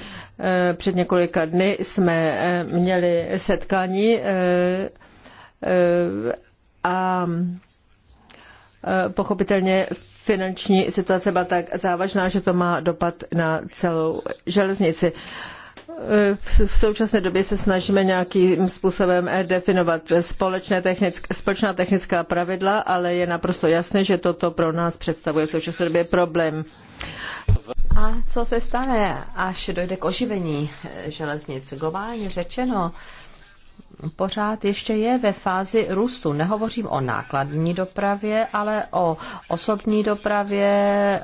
Před několika dny jsme měli setkání a pochopitelně v finanční situace byla tak závažná, že to má dopad na celou železnici. Eh, v současné době se snažíme nějakým způsobem eh, definovat společné technick, společná technická pravidla, ale je naprosto jasné, že toto pro nás představuje v současné době problém. A co se stane, až dojde k oživení eh, železnic? Globálně řečeno, pořád ještě je ve fázi růstu. Nehovořím o nákladní dopravě, ale o osobní dopravě,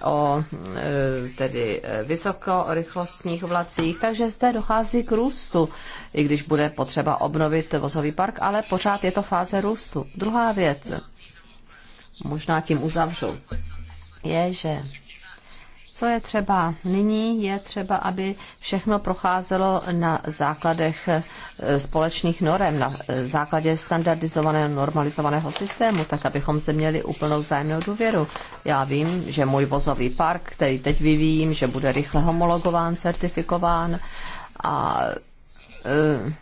o e, tedy e, vysokorychlostních vlacích, takže zde dochází k růstu, i když bude potřeba obnovit vozový park, ale pořád je to fáze růstu. Druhá věc, možná tím uzavřu, je, že co je třeba? Nyní je třeba, aby všechno procházelo na základech eh, společných norem, na eh, základě standardizovaného, normalizovaného systému, tak abychom zde měli úplnou vzájemnou důvěru. Já vím, že můj vozový park, který teď vyvíjím, že bude rychle homologován, certifikován a eh,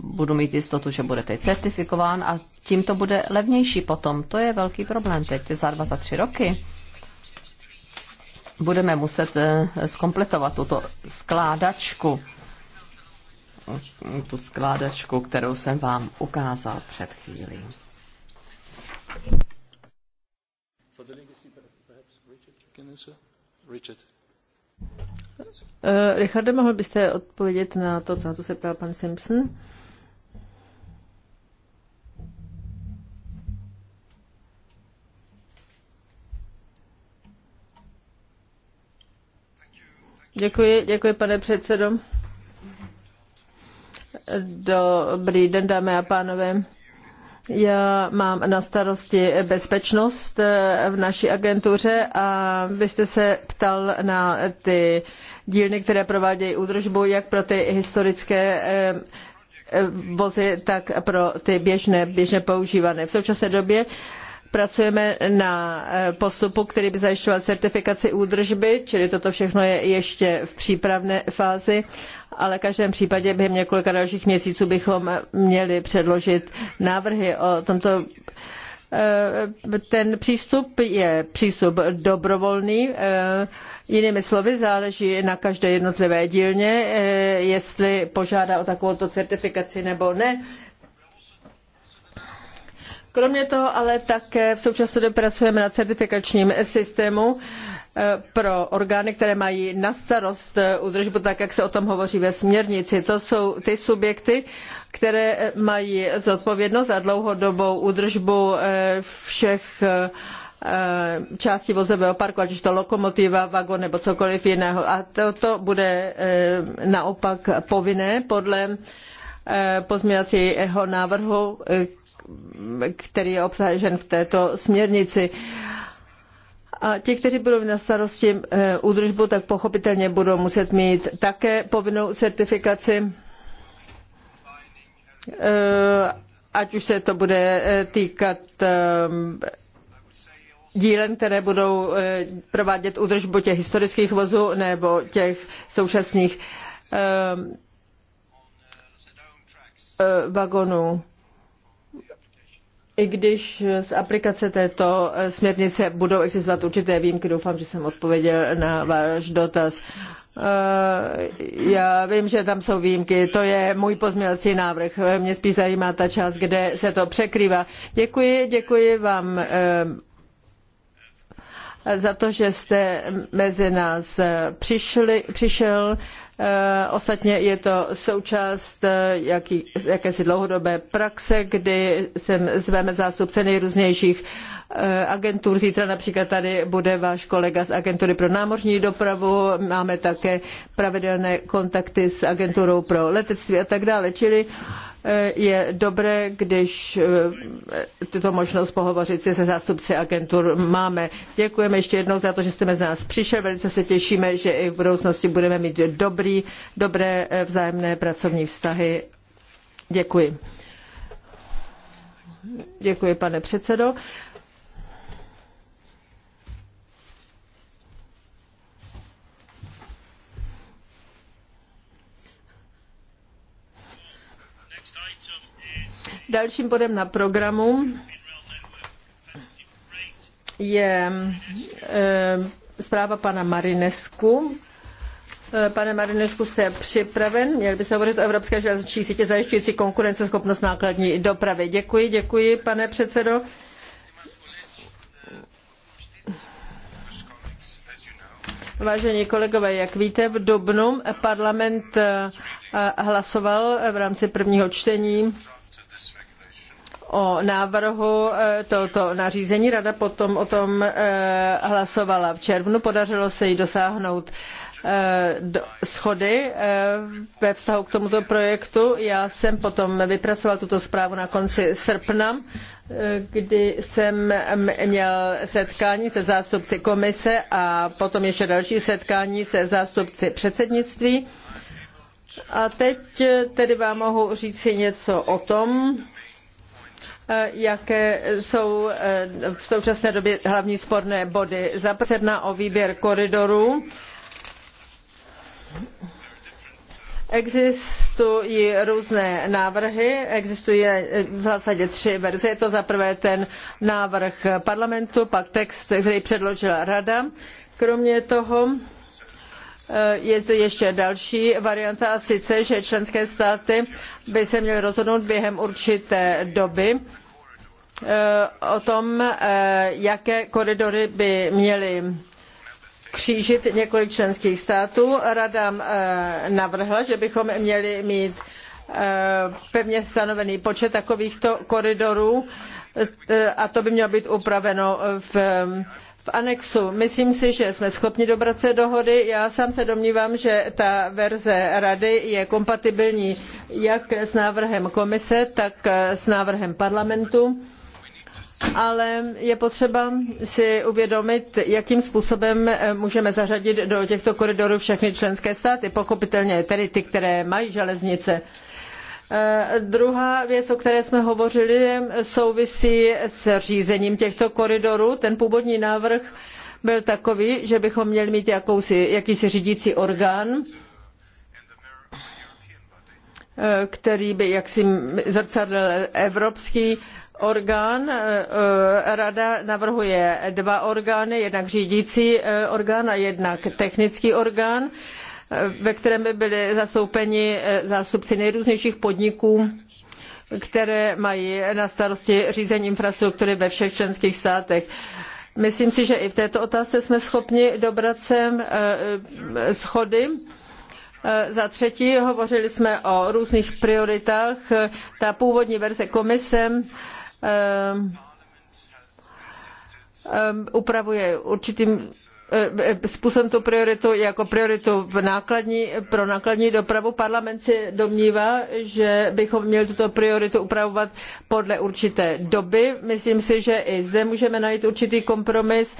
budu mít jistotu, že bude teď certifikován a tím to bude levnější potom. To je velký problém teď za dva, za tři roky budeme muset eh, zkompletovat tuto skládačku, tu skládačku, kterou jsem vám ukázal před chvílí. Richard. Eh, Richarde, mohl byste odpovědět na to, co se ptal pan Simpson? Děkuji, děkuji pane předsedo. Dobrý den, dámy a pánové. Já mám na starosti bezpečnost v naší agentuře a vy jste se ptal na ty dílny, které provádějí údržbu, jak pro ty historické eh, vozy, tak pro ty běžné, běžně používané. V současné době pracujeme na eh, postupu, který by zajišťoval certifikaci údržby, čili toto všechno je ještě v přípravné fázi, ale v každém případě během několika dalších měsíců bychom měli předložit návrhy o tomto eh, ten přístup je přístup dobrovolný. Eh, jinými slovy, záleží na každé jednotlivé dílně, jestli požádá o takovouto certifikaci nebo ne. Kromě toho ale také v současné době pracujeme na certifikačním systému eh, pro orgány, které mají na starost eh, údržbu, tak jak se o tom hovoří ve směrnici. To jsou ty subjekty, které eh, mají zodpovědnost za dlouhodobou údržbu všech části vozového parku, ať už to lokomotiva, vagon nebo cokoliv jiného. A toto bude naopak povinné podle pozměňovacího návrhu, který je obsažen v této směrnici. A ti, kteří budou na starosti eh, údržbu, tak pochopitelně budou muset mít také povinnou certifikaci eh, ať už se to bude eh, týkat dílen, které budou provádět údržbu těch historických vozů nebo těch současných vagonů. I když z aplikace této eh, směrnice budou existovat určité výjimky, doufám, že jsem odpověděl na váš dotaz. Eh, já vím, že tam jsou výjimky, to je můj pozměňovací návrh. Mě spíš zajímá ta část, kde se to překrývá. Děkuji, děkuji vám eh, za to, že jste mezi nás přišli, přišel. Eh, ostatně je to součást eh, jaký, jakési dlouhodobé praxe, kdy sem zveme zástupce nejrůznějších Eh, agentur. Zítra například tady bude váš kolega z agentury pro námořní dopravu, máme také pravidelné kontakty s agenturou pro letectví a tak dále. Čili eh, je dobré, když eh, tuto možnost pohovořit si se zástupci agentur máme. Děkujeme ještě jednou za to, že jste mezi nás přišel. Velice se těšíme, že i v budoucnosti budeme mít dobrý, dobré vzájemné pracovní vztahy. Děkuji. Děkuji, pane předsedo. Dalším bodem na programu je eh, zpráva pana Marinesku. Eh, pane Marinesku, jste připraven? Měl by se hovořit o Evropské železniční sítě zajišťující konkurenceschopnost nákladní dopravy. Děkuji, děkuji, pane předsedo. Vážení kolegové, jak víte, v Dubnu parlament eh, hlasoval v rámci prvního čtení o návrhu e, tohoto nařízení. Rada potom o tom e, hlasovala v červnu. Podařilo se jí dosáhnout e, schody ve vztahu k tomuto projektu. Já jsem potom vypracoval tuto zprávu na konci srpna, kdy jsem měl setkání se zástupci komise a potom ještě další setkání se zástupci předsednictví. A teď tedy vám mohu říci něco o tom, Eh, jaké jsou eh, v současné době hlavní sporné body. Za prvé o výběr koridorů. Existují různé návrhy, existuje eh, v zásadě tři verze. Je to za prvé ten návrh parlamentu, pak text, který předložila rada. Kromě toho Eh, je zde ještě další varianta a sice, že členské státy by se měly rozhodnout během určité doby eh, o tom, eh, jaké koridory by měly křížit několik členských států. Rada navrhla, že bychom měli mít pevně stanovený počet takovýchto koridorů a to by mělo být upraveno v v anexu. Myslím si, že jsme schopni dobrat se dohody. Já sám se domnívám, že ta verze rady je kompatibilní jak s návrhem komise, tak s návrhem parlamentu. Ale je potřeba si uvědomit, jakým způsobem eh, můžeme zařadit do těchto koridorů všechny členské státy, pochopitelně tedy ty, které mají železnice. Eh, druhá věc, o které jsme hovořili, souvisí s řízením těchto koridorů. Ten původní návrh byl takový, že bychom měli mít jakousi, jakýsi řídící orgán, eh, který by jaksi zrcadlil evropský orgán. Eh, rada navrhuje dva orgány, jednak řídící orgán a jednak technický orgán. Eh, ve kterém by byli zastoupeni eh, zástupci nejrůznějších podniků, které mají na starosti řízení infrastruktury ve všech členských státech. Myslím si, že i v této otázce jsme schopni dobrat se eh, schody. Za třetí, hovořili jsme o různých prioritách. Ta původní verze komise upravuje určitým Eh, eh, způsobem tu prioritu jako prioritu nákladní, pro nákladní dopravu. Parlament si domnívá, že bychom měli tuto prioritu upravovat podle určité doby. Myslím si, že i zde můžeme najít určitý kompromis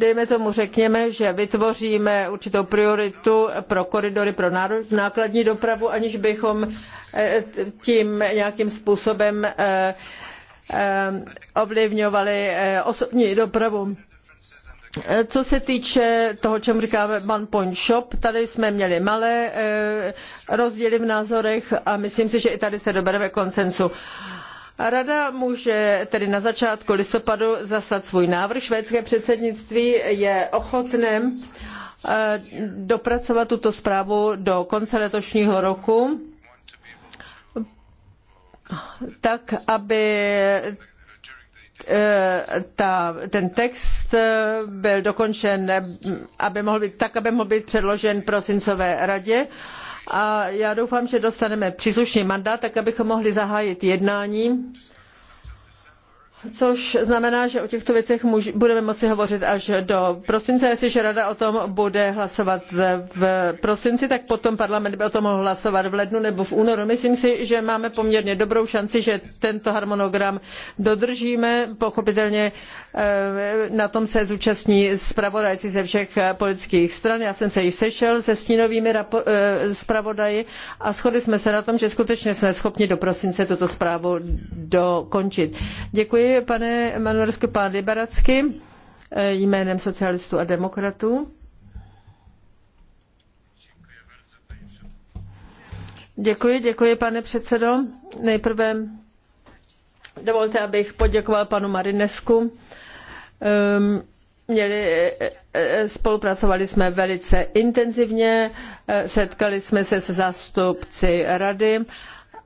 dejme tomu řekněme, že vytvoříme určitou prioritu pro koridory pro nákladní dopravu, aniž bychom eh, tím nějakým způsobem ovlivňovali osobní dopravu. Eh, co se týče toho, čemu říkáme one point shop, tady jsme měli malé eh, rozdíly v názorech a myslím si, že i tady se dobereme konsensu. Rada může tedy na začátku listopadu zaslat svůj návrh. Švédské předsednictví je ochotné eh, dopracovat tuto zprávu do konce letošního roku tak, aby Eh, ta, ten text eh, byl dokončen, aby mohl být, tak, aby mohl být předložen prosincové radě. A já doufám, že dostaneme příslušný mandát, tak abychom mohli zahájit jednání Což znamená, že o těchto věcech můž, budeme moci hovořit až do prosince. Jestliže rada o tom bude hlasovat v prosinci, tak potom parlament by o tom mohl hlasovat v lednu nebo v únoru. Myslím si, že máme poměrně dobrou šanci, že tento harmonogram dodržíme. Pochopitelně eh, na tom se zúčastní zpravodajci ze všech politických stran. Já jsem se již sešel se stínovými eh, zpravodaji a shodli jsme se na tom, že skutečně jsme schopni do prosince tuto zprávu dokončit. Děkuji Děkuji, pane Manuelsko, pán Liberacky, eh, jménem socialistů a demokratů. Děkuji, děkuji, pane předsedo. Nejprve dovolte, abych poděkoval panu Marinesku. Ehm, měli, eh, eh, spolupracovali jsme velice intenzivně, setkali jsme se se zástupci rady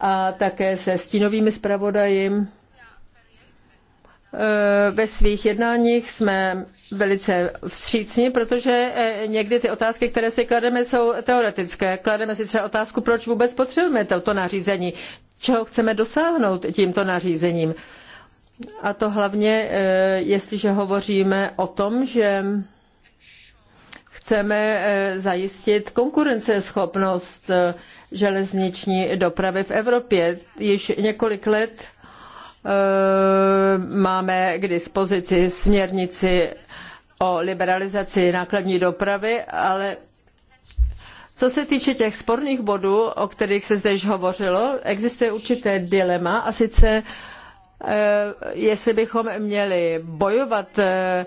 a také se stínovými zpravodaji Eh, ve svých jednáních jsme velice vstřícní, protože eh, někdy ty otázky, které si klademe, jsou teoretické. Klademe si třeba otázku, proč vůbec potřebujeme toto nařízení, čeho chceme dosáhnout tímto nařízením. A to hlavně, eh, jestliže hovoříme o tom, že chceme zajistit konkurenceschopnost železniční dopravy v Evropě. Již několik let Eh, máme k dispozici směrnici o liberalizaci nákladní dopravy, ale co se týče těch sporných bodů, o kterých se zde již hovořilo, existuje určité dilema a sice eh, jestli bychom měli bojovat eh,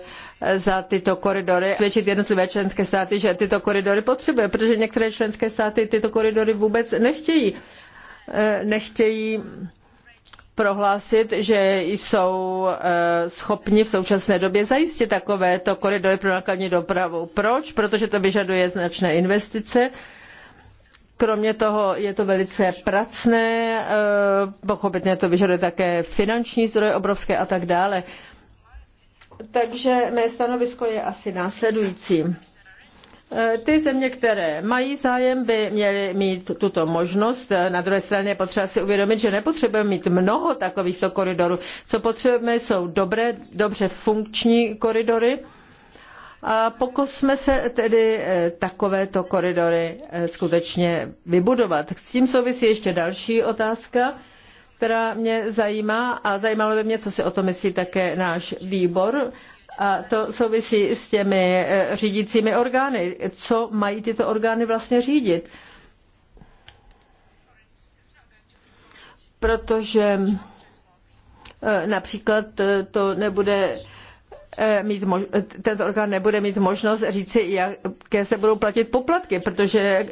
za tyto koridory, svědčit jednotlivé členské státy, že tyto koridory potřebuje, protože některé členské státy tyto koridory vůbec nechtějí. Nechtějí prohlásit, že jsou eh, schopni v současné době zajistit takovéto koridory pro nákladní dopravu. Proč? Protože to vyžaduje značné investice. Kromě toho je to velice pracné, eh, pochopitelně to vyžaduje také finanční zdroje obrovské a tak dále. Takže mé stanovisko je asi následující. Eh, ty země, které mají zájem, by měly mít tuto možnost. Eh, na druhé straně je potřeba si uvědomit, že nepotřebujeme mít mnoho takovýchto koridorů. Co potřebujeme, jsou dobré, dobře funkční koridory. A jsme se tedy eh, takovéto koridory skutečně vybudovat. S tím souvisí ještě další otázka, která mě zajímá a zajímalo by mě, co si o to myslí také náš výbor. A to souvisí s těmi eh, řídícími orgány. Co mají tyto orgány vlastně řídit? Protože eh, například eh, to nebude mít mož, tento orgán nebude mít možnost říci, jaké se budou platit poplatky, protože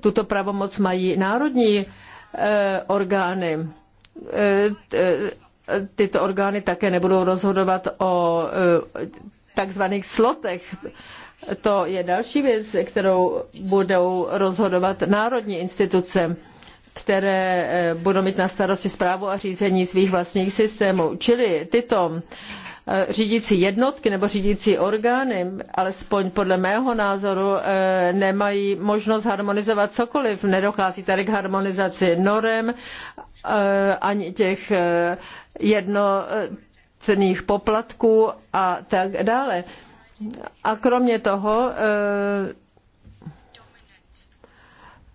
tuto pravomoc mají národní orgány tyto orgány také nebudou rozhodovat o eh, takzvaných slotech. To je další věc, kterou budou rozhodovat národní instituce které eh, budou mít na starosti správu a řízení svých vlastních systémů. Čili tyto eh, řídící jednotky nebo řídící orgány, alespoň podle mého názoru, nemají možnost harmonizovat cokoliv. Nedochází tady k harmonizaci norem Eh, ani těch eh, jednocených poplatků a tak dále. A kromě toho eh,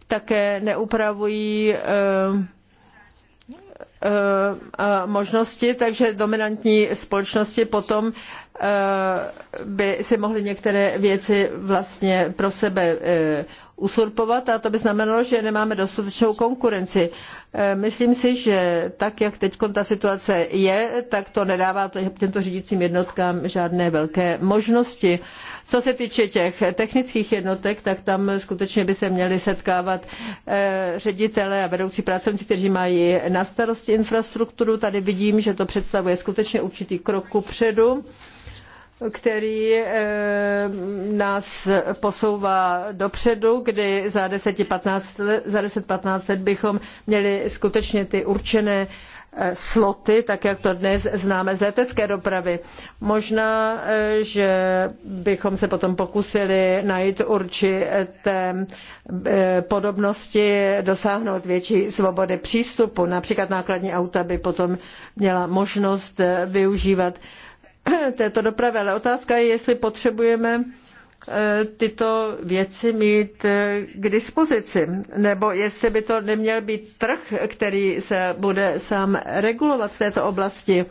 také neupravují možnosti, takže dominantní společnosti potom by si mohly některé věci vlastně pro sebe eh, usurpovat a to by znamenalo, že nemáme dostatečnou konkurenci. Eh, myslím si, že tak, jak teď ta situace je, tak to nedává těmto řídícím jednotkám žádné velké možnosti. Co se týče těch technických jednotek, tak tam skutečně by se měli setkávat eh, ředitele a vedoucí pracovníci, kteří mají na starosti infrastrukturu. Tady vidím, že to představuje skutečně určitý krok předu který eh, nás posouvá dopředu, kdy za 10-15 let, za 10, 15 let bychom měli skutečně ty určené eh, sloty, tak jak to dnes známe z letecké dopravy. Možná, eh, že bychom se potom pokusili najít určité podobnosti, dosáhnout větší svobody přístupu. Například nákladní auta by potom měla možnost využívat [COUGHS] této dopravy, ale otázka je, jestli potřebujeme eh, tyto věci mít eh, k dispozici, nebo jestli by to neměl být trh, který se bude sám regulovat v této oblasti.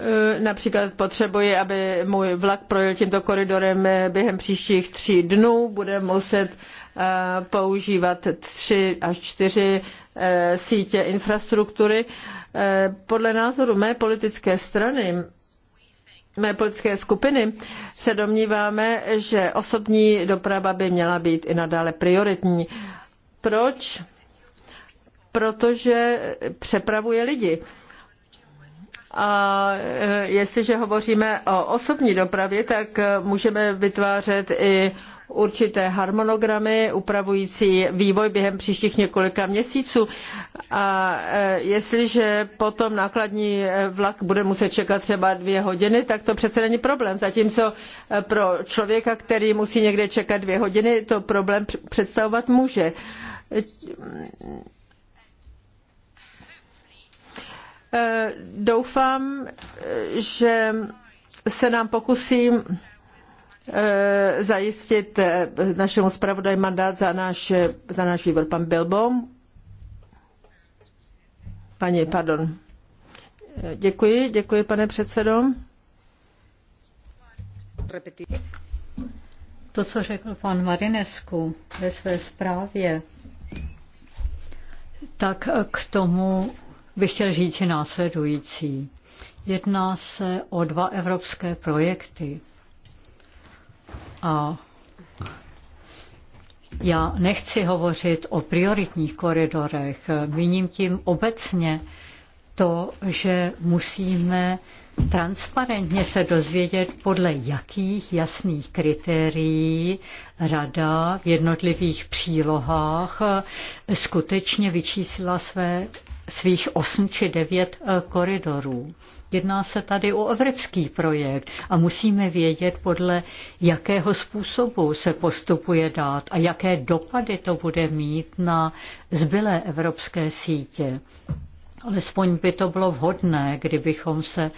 Eh, například potřebuji, aby můj vlak projel tímto koridorem během příštích tří dnů. Bude muset používat tři až čtyři sítě infrastruktury. Eh, podle názoru mé politické strany mé politické skupiny se domníváme, že osobní doprava by měla být i nadále prioritní. Proč? Protože přepravuje lidi. A eh, jestliže hovoříme o osobní dopravě, tak eh, můžeme vytvářet i určité harmonogramy upravující vývoj během příštích několika měsíců. A e, jestliže potom nákladní e, vlak bude muset čekat třeba dvě hodiny, tak to přece není problém. Zatímco e, pro člověka, který musí někde čekat dvě hodiny, to problém představovat může. Doufám, že se nám pokusím Eh, zajistit eh, našemu zpravodaji mandát za náš, eh, za náš výbor. Pan Bilbo. Paní, pardon. Děkuji, děkuji, pane předsedo. To, co řekl pan Marinesku ve své zprávě, tak k tomu bych chtěl říct následující. Jedná se o dva evropské projekty. A já nechci hovořit o prioritních koridorech, míním tím obecně to, že musíme transparentně se dozvědět, podle jakých jasných kritérií rada v jednotlivých přílohách skutečně vyčíslila své, svých 8 či 9 eh, koridorů. Jedná se tady o evropský projekt a musíme vědět, podle jakého způsobu se postupuje dát a jaké dopady to bude mít na zbylé evropské sítě. Alespoň by to bylo vhodné, kdybychom se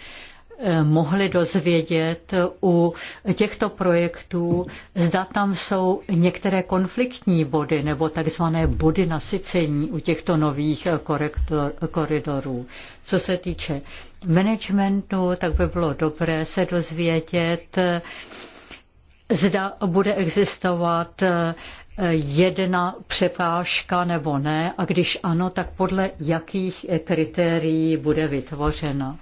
Eh, mohli dozvědět u těchto projektů, zda tam jsou některé konfliktní body nebo takzvané body nasycení u těchto nových eh, korektor, koridorů. Co se týče managementu, tak by bylo dobré se dozvědět, eh, zda bude existovat jedna přepážka nebo ne a když ano, tak podle jakých kritérií bude vytvořena.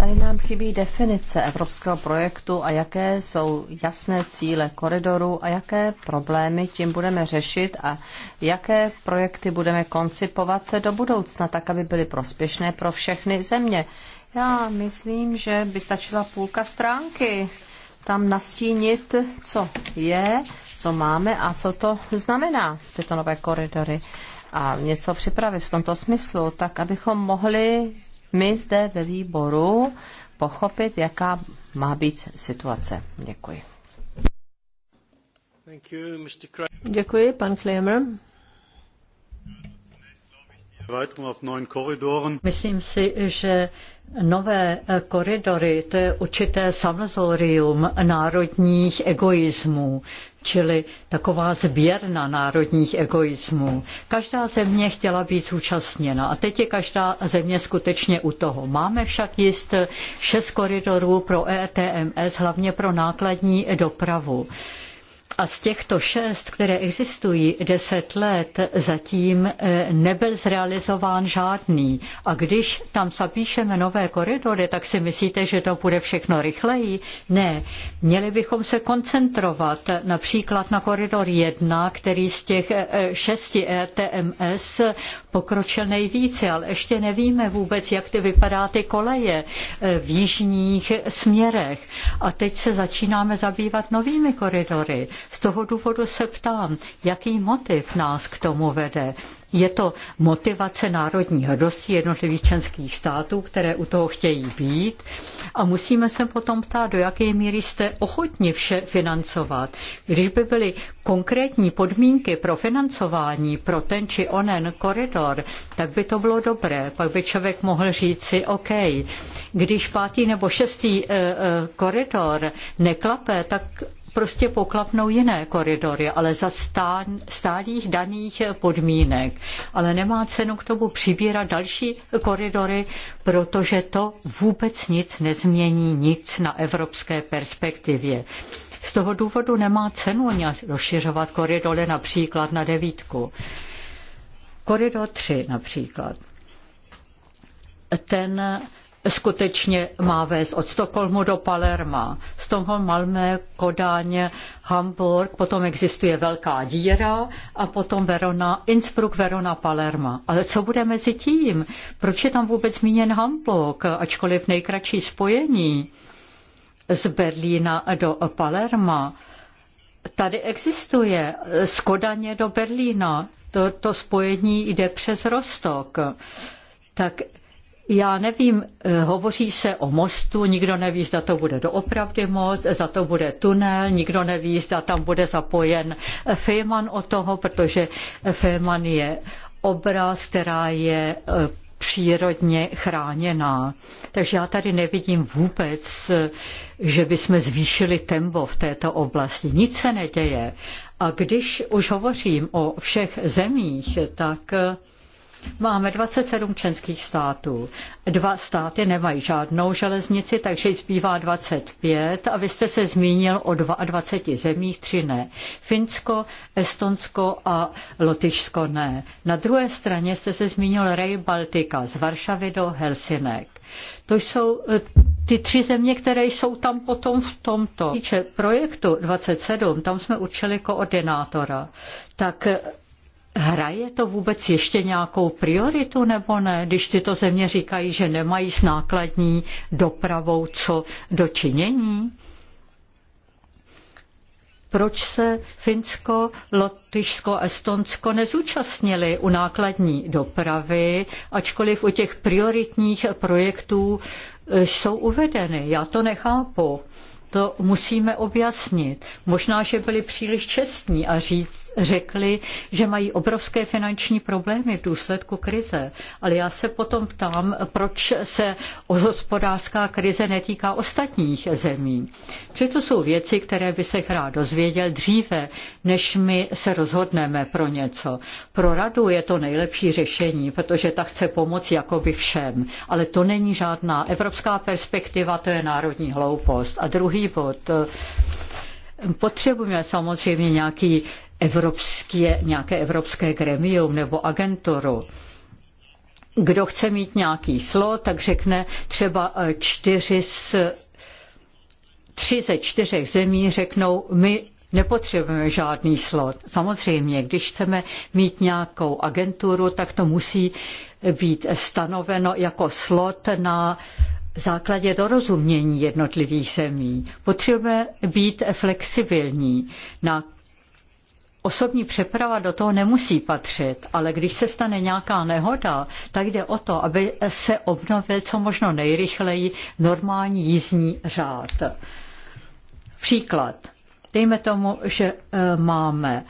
Tady nám chybí definice evropského projektu a jaké jsou jasné cíle koridoru a jaké problémy tím budeme řešit a jaké projekty budeme koncipovat do budoucna, tak aby byly prospěšné pro všechny země. Já myslím, že by stačila půlka stránky tam nastínit, co je, co máme a co to znamená, tyto nové koridory a něco připravit v tomto smyslu, tak abychom mohli my zde ve výboru pochopit, jaká má být situace. Děkuji. Děkuji, pan Klemer. Myslím si, že nové koridory to je určité samozorium národních egoismů čili taková sběrna národních egoismů. Každá země chtěla být zúčastněna a teď je každá země skutečně u toho. Máme však jist šest koridorů pro ETMS, hlavně pro nákladní dopravu. A z těchto šest, které existují deset let, zatím eh, nebyl zrealizován žádný. A když tam zapíšeme nové koridory, tak si myslíte, že to bude všechno rychleji? Ne. Měli bychom se koncentrovat například na koridor 1, který z těch eh, eh, šesti ETMS pokročil nejvíce, ale ještě nevíme vůbec, jak ty vypadá ty koleje v jižních směrech. A teď se začínáme zabývat novými koridory. Z toho důvodu se ptám, jaký motiv nás k tomu vede. Je to motivace národní hrdosti jednotlivých členských států, které u toho chtějí být. A musíme se potom ptát, do jaké míry jste ochotni vše financovat. Když by byly konkrétní podmínky pro financování pro ten či onen koridor, tak by to bylo dobré. Pak by člověk mohl říct si, OK, když pátý nebo šestý e, e, koridor neklape, tak prostě poklapnou jiné koridory, ale za stálých daných podmínek. Ale nemá cenu k tomu přibírat další koridory, protože to vůbec nic nezmění, nic na evropské perspektivě. Z toho důvodu nemá cenu ani rozšiřovat koridory například na devítku. Koridor 3 například. Ten skutečně má vést od Stockholmu do Palerma. toho Malmé, Kodáň, Hamburg, potom existuje Velká díra a potom Verona, Innsbruck, Verona, Palerma. Ale co bude mezi tím? Proč je tam vůbec zmíněn Hamburg, ačkoliv nejkratší spojení z Berlína do Palerma? Tady existuje z Kodaně do Berlína. To, to spojení jde přes Rostok. Tak já nevím, eh, hovoří se o mostu, nikdo neví, zda to bude doopravdy most, za to bude tunel, nikdo neví, zda tam bude zapojen eh, Féman o toho, protože eh, Féman je obraz, která je přírodně chráněná. Takže já tady nevidím vůbec, že bychom zvýšili tempo v této oblasti. Nic se neděje. A když už hovořím o všech zemích, tak Máme 27 členských států. Dva státy nemají žádnou železnici, takže zbývá 25 a vy jste se zmínil o 22 zemích, tři ne. Finsko, Estonsko a Lotyšsko ne. Na druhé straně jste se zmínil Rail Baltica z Varšavy do Helsinek. To jsou eh, ty tři země, které jsou tam potom v tomto. Týče projektu 27, tam jsme určili koordinátora, tak eh, Hraje to vůbec ještě nějakou prioritu nebo ne, když tyto země říkají, že nemají s nákladní dopravou co dočinění? Proč se Finsko, Lotyšsko, Estonsko nezúčastnili u nákladní dopravy, ačkoliv u těch prioritních projektů e, jsou uvedeny? Já to nechápu. To musíme objasnit. Možná, že byli příliš čestní a říct, řekli, že mají obrovské finanční problémy v důsledku krize. Ale já se potom ptám, proč se hospodářská krize netýká ostatních zemí. Čili to jsou věci, které by se rád dozvěděl dříve, než my se rozhodneme pro něco. Pro radu je to nejlepší řešení, protože ta chce pomoci jakoby všem. Ale to není žádná evropská perspektiva, to je národní hloupost. A druhý bod. Potřebujeme samozřejmě nějaký evropské, nějaké evropské gremium nebo agenturu kdo chce mít nějaký slot, tak řekne třeba eh, čtyři z, tři ze čtyřech zemí řeknou, my nepotřebujeme žádný slot. Samozřejmě, když chceme mít nějakou agenturu, tak to musí být stanoveno jako slot na základě dorozumění jednotlivých zemí. Potřebujeme být flexibilní. Na Osobní přeprava do toho nemusí patřit, ale když se stane nějaká nehoda, tak jde o to, aby se obnovil co možno nejrychleji normální jízdní řád. Příklad. Dejme tomu, že e, máme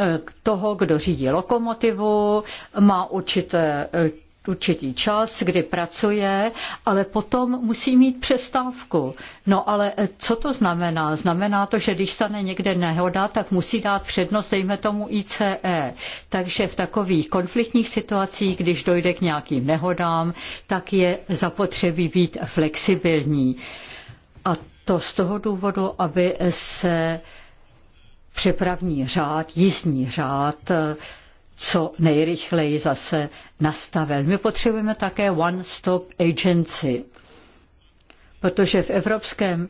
e, toho, kdo řídí lokomotivu, má určité e, určitý čas, kdy pracuje, ale potom musí mít přestávku. No ale e, co to znamená? Znamená to, že když stane někde nehoda, tak musí dát přednost, dejme tomu ICE. Takže v takových konfliktních situacích, když dojde k nějakým nehodám, tak je zapotřebí být flexibilní. A to z toho důvodu, aby se přepravní řád, jízdní řád, co nejrychleji zase nastavil. My potřebujeme také one-stop agency, protože v evropském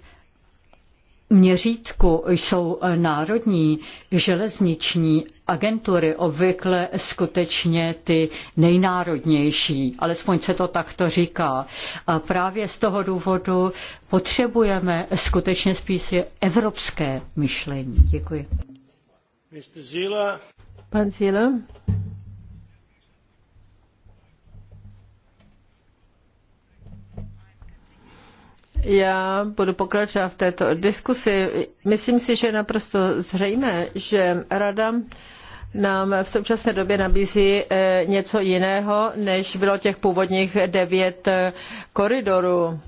měřítku jsou národní železniční agentury obvykle skutečně ty nejnárodnější, alespoň se to takto říká. A právě z toho důvodu potřebujeme skutečně spíše evropské myšlení. Děkuji. Pan Sila. Já budu pokračovat v této diskusi. Myslím si, že je naprosto zřejmé, že Rada nám v současné době nabízí eh, něco jiného, než bylo těch původních devět eh, koridorů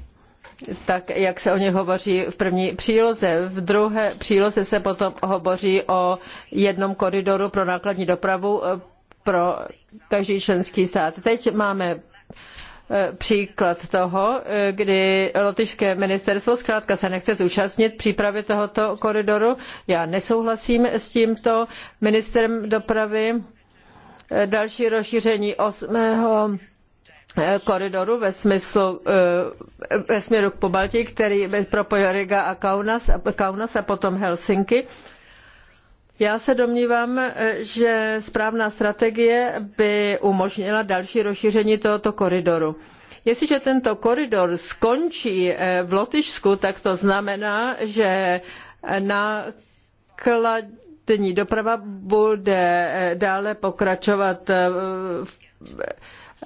tak jak se o ně hovoří v první příloze. V druhé příloze se potom hovoří o jednom koridoru pro nákladní dopravu eh, pro každý členský stát. Teď máme eh, příklad toho, eh, kdy lotyšské ministerstvo zkrátka se nechce zúčastnit přípravy tohoto koridoru. Já nesouhlasím s tímto ministrem dopravy. Další rozšíření osmého Eh, koridoru ve smyslu eh, ve směru k Pobaltí, který propojuje Riga a Kaunas, Kaunas a potom Helsinki. Já se domnívám, eh, že správná strategie by umožnila další rozšíření tohoto koridoru. Jestliže tento koridor skončí v Lotyšsku, tak to znamená, že nákladní doprava bude dále pokračovat v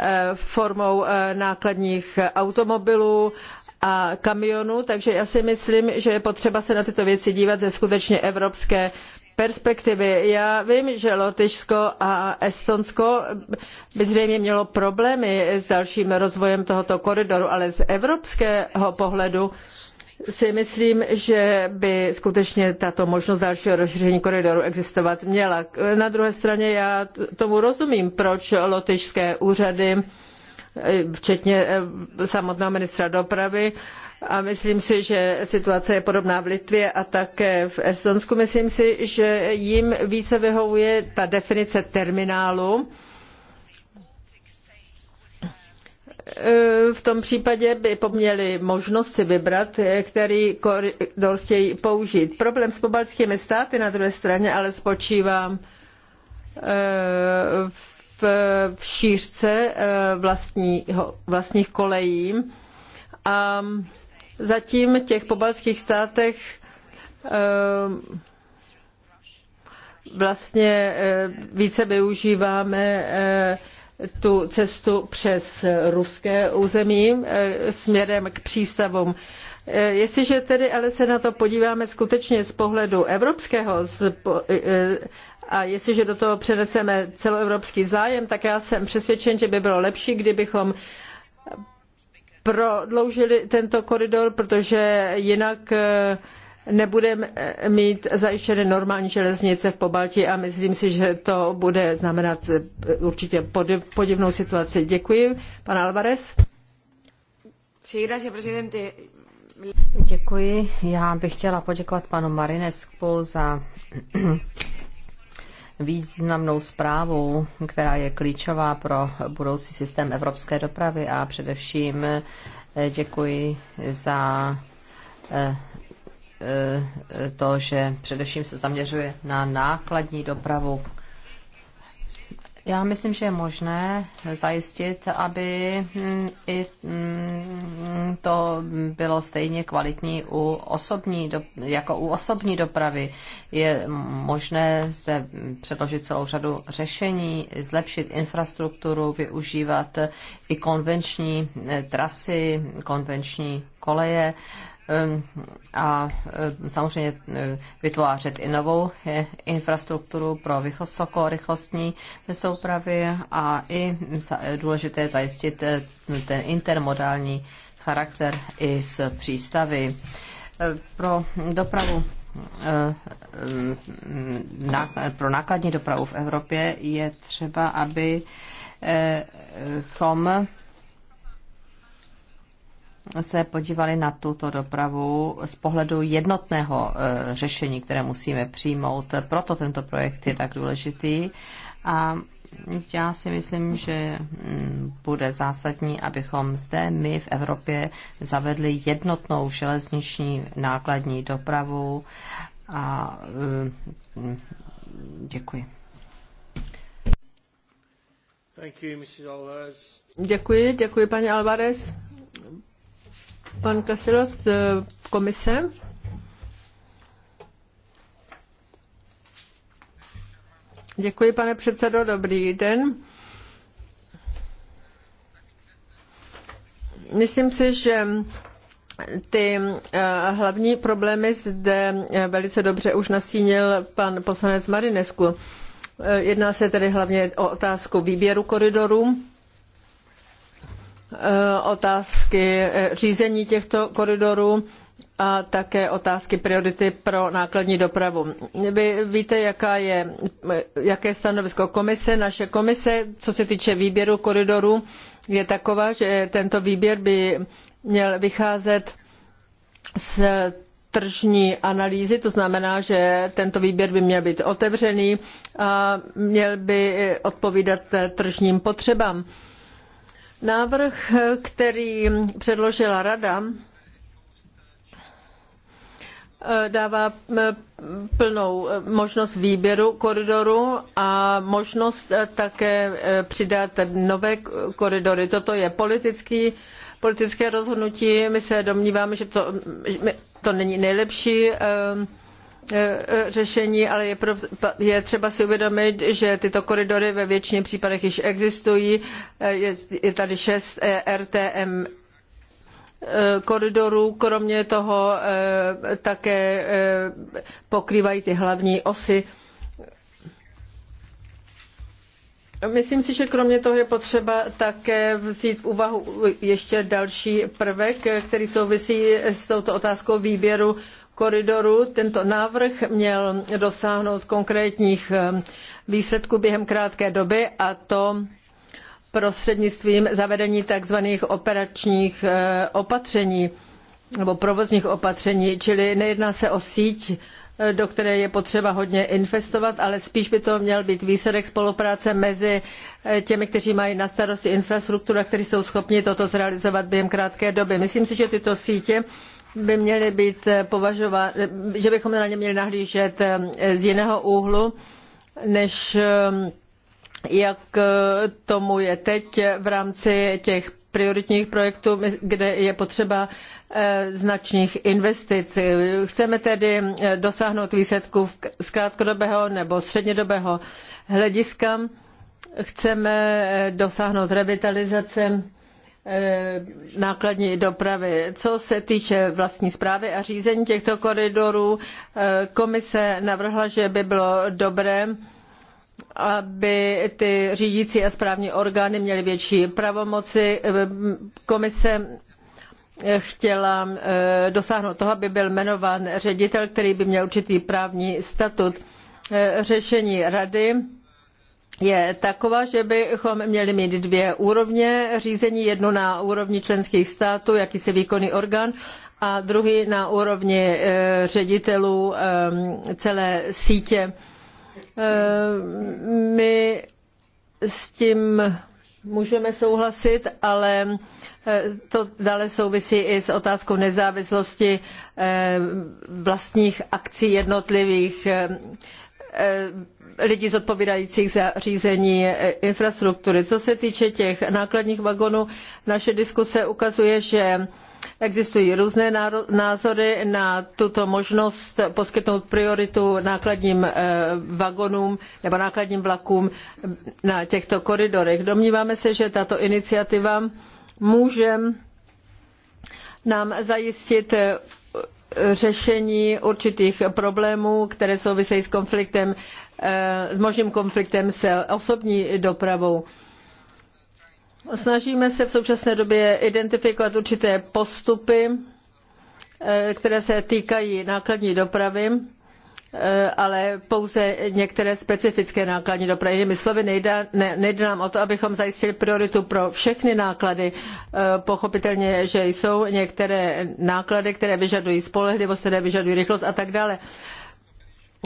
Eh, formou eh, nákladních automobilů a kamionů, takže já si myslím, že je potřeba se na tyto věci dívat ze skutečně evropské perspektivy. Já vím, že Lotyšsko a Estonsko by zřejmě mělo problémy s dalším rozvojem tohoto koridoru, ale z evropského pohledu si myslím, že by skutečně tato možnost dalšího rozšíření koridoru existovat měla. Na druhé straně já tomu rozumím, proč lotyšské úřady, včetně eh, samotného ministra dopravy, a myslím si, že situace je podobná v Litvě a také v Estonsku. Myslím si, že jim více vyhovuje ta definice terminálu, v tom případě by měli možnost si vybrat, který koridor chtějí použít. Problém s pobaltskými státy na druhé straně ale spočívá eh, v šířce eh, vlastního, vlastních kolejí a zatím v těch pobaltských státech eh, vlastně více využíváme tu cestu přes ruské území eh, směrem k přístavům. Eh, jestliže tedy ale se na to podíváme skutečně z pohledu evropského eh, a jestliže do toho přeneseme celoevropský zájem, tak já jsem přesvědčen, že by bylo lepší, kdybychom prodloužili tento koridor, protože jinak nebudeme eh, mít zajištěné normální železnice v Pobaltí a myslím si, že to bude znamenat eh, určitě podivnou situaci. Děkuji. Pan Alvarez. Děkuji. Já bych chtěla poděkovat panu Marinescu za [CLEARS THROAT] významnou zprávu, která je klíčová pro budoucí systém evropské dopravy a především eh, děkuji za Eh, to, že především se zaměřuje na nákladní dopravu. Já myslím, že je možné zajistit, aby mm, i mm, to bylo stejně kvalitní u osobní, jako u osobní dopravy. Je možné zde předložit celou řadu řešení, zlepšit infrastrukturu, využívat i konvenční eh, trasy, konvenční koleje a e, samozřejmě e, vytvářet i novou e, infrastrukturu pro vysokorychlostní soupravy a i důležité zajistit ten intermodální charakter i z přístavy. Pro dopravu pro nákladní dopravu v Evropě je třeba, abychom se podívali na tuto dopravu z pohledu jednotného e, řešení, které musíme přijmout. Proto tento projekt je tak důležitý. A já si myslím, že mm, bude zásadní, abychom zde my v Evropě zavedli jednotnou železniční nákladní dopravu. A e, děkuji. Děkuji, děkuji paní Alvarez. Pan Kasilos z e, komise. Děkuji, pane předsedo, dobrý den. Myslím si, že ty e, hlavní problémy zde e, velice dobře už nastínil pan poslanec Marinescu. Jedná se tedy hlavně o otázku výběru koridorů Eh, otázky eh, řízení těchto koridorů a také otázky priority pro nákladní dopravu. Vy víte, jaká je, eh, jaké je stanovisko komise. Naše komise, co se týče výběru koridorů, je taková, že tento výběr by měl vycházet z tržní analýzy, to znamená, že tento výběr by měl být otevřený a měl by odpovídat tržním potřebám. Návrh, který předložila Rada, dává eh, plnou možnost výběru koridoru a možnost eh, také eh, přidat nové koridory. Toto je politický, politické rozhodnutí. My se domníváme, že to, to není nejlepší E, e, řešení, ale je, pro, je, třeba si uvědomit, že tyto koridory ve většině případech již existují. E, je, je tady šest RTM koridorů, kromě toho také pokrývají ty hlavní osy. Myslím si, že kromě toho je potřeba také vzít v úvahu ještě další prvek, který souvisí s touto otázkou výběru koridoru. Tento návrh měl dosáhnout konkrétních eh, výsledků během krátké doby a to prostřednictvím zavedení tzv. operačních eh, opatření nebo provozních opatření, čili nejedná se o síť, eh, do které je potřeba hodně investovat, ale spíš by to měl být výsledek spolupráce mezi těmi, kteří mají na starosti infrastrukturu a kteří jsou schopni toto zrealizovat během krátké doby. Myslím si, že tyto sítě by měly být eh, považovat, eh, že bychom na ně měli nahlížet eh, z jiného úhlu, než jak tomu je teď v rámci těch prioritních projektů, kde je potřeba značných investic. Chceme tedy dosáhnout výsledků z krátkodobého nebo střednědobého hlediska. Chceme dosáhnout revitalizace Eh, nákladní dopravy. Co se týče vlastní správy a řízení těchto koridorů, eh, komise navrhla, že by bylo dobré, aby ty řídící a správní orgány měly větší pravomoci. Eh, komise chtěla dosáhnout toho, aby byl jmenován ředitel, který by měl určitý právní statut. Řešení rady je taková, že bychom měli mít dvě úrovně řízení, jednu na úrovni členských států, jakýsi výkonný orgán, a druhý na úrovni eh, ředitelů eh, celé sítě. Eh, my s tím můžeme souhlasit, ale to dále souvisí i s otázkou nezávislosti vlastních akcí jednotlivých Eh, lidí zodpovídajících za řízení eh, infrastruktury. Co se týče těch nákladních vagonů, naše diskuse ukazuje, že Existují různé názory na tuto možnost poskytnout prioritu nákladním eh, vagonům nebo nákladním vlakům na těchto koridorech. Domníváme se, že tato iniciativa může nám zajistit řešení určitých problémů, které souvisejí s konfliktem, eh, s možným konfliktem s osobní dopravou. Snažíme se v současné době identifikovat určité postupy, eh, které se týkají nákladní dopravy. Eh, ale pouze některé specifické nákladní dopravy. Jinými slovy, nejde, ne, nejde nám o to, abychom zajistili prioritu pro všechny náklady. Eh, pochopitelně, že jsou některé náklady, které vyžadují spolehlivost, které vyžadují rychlost a tak dále.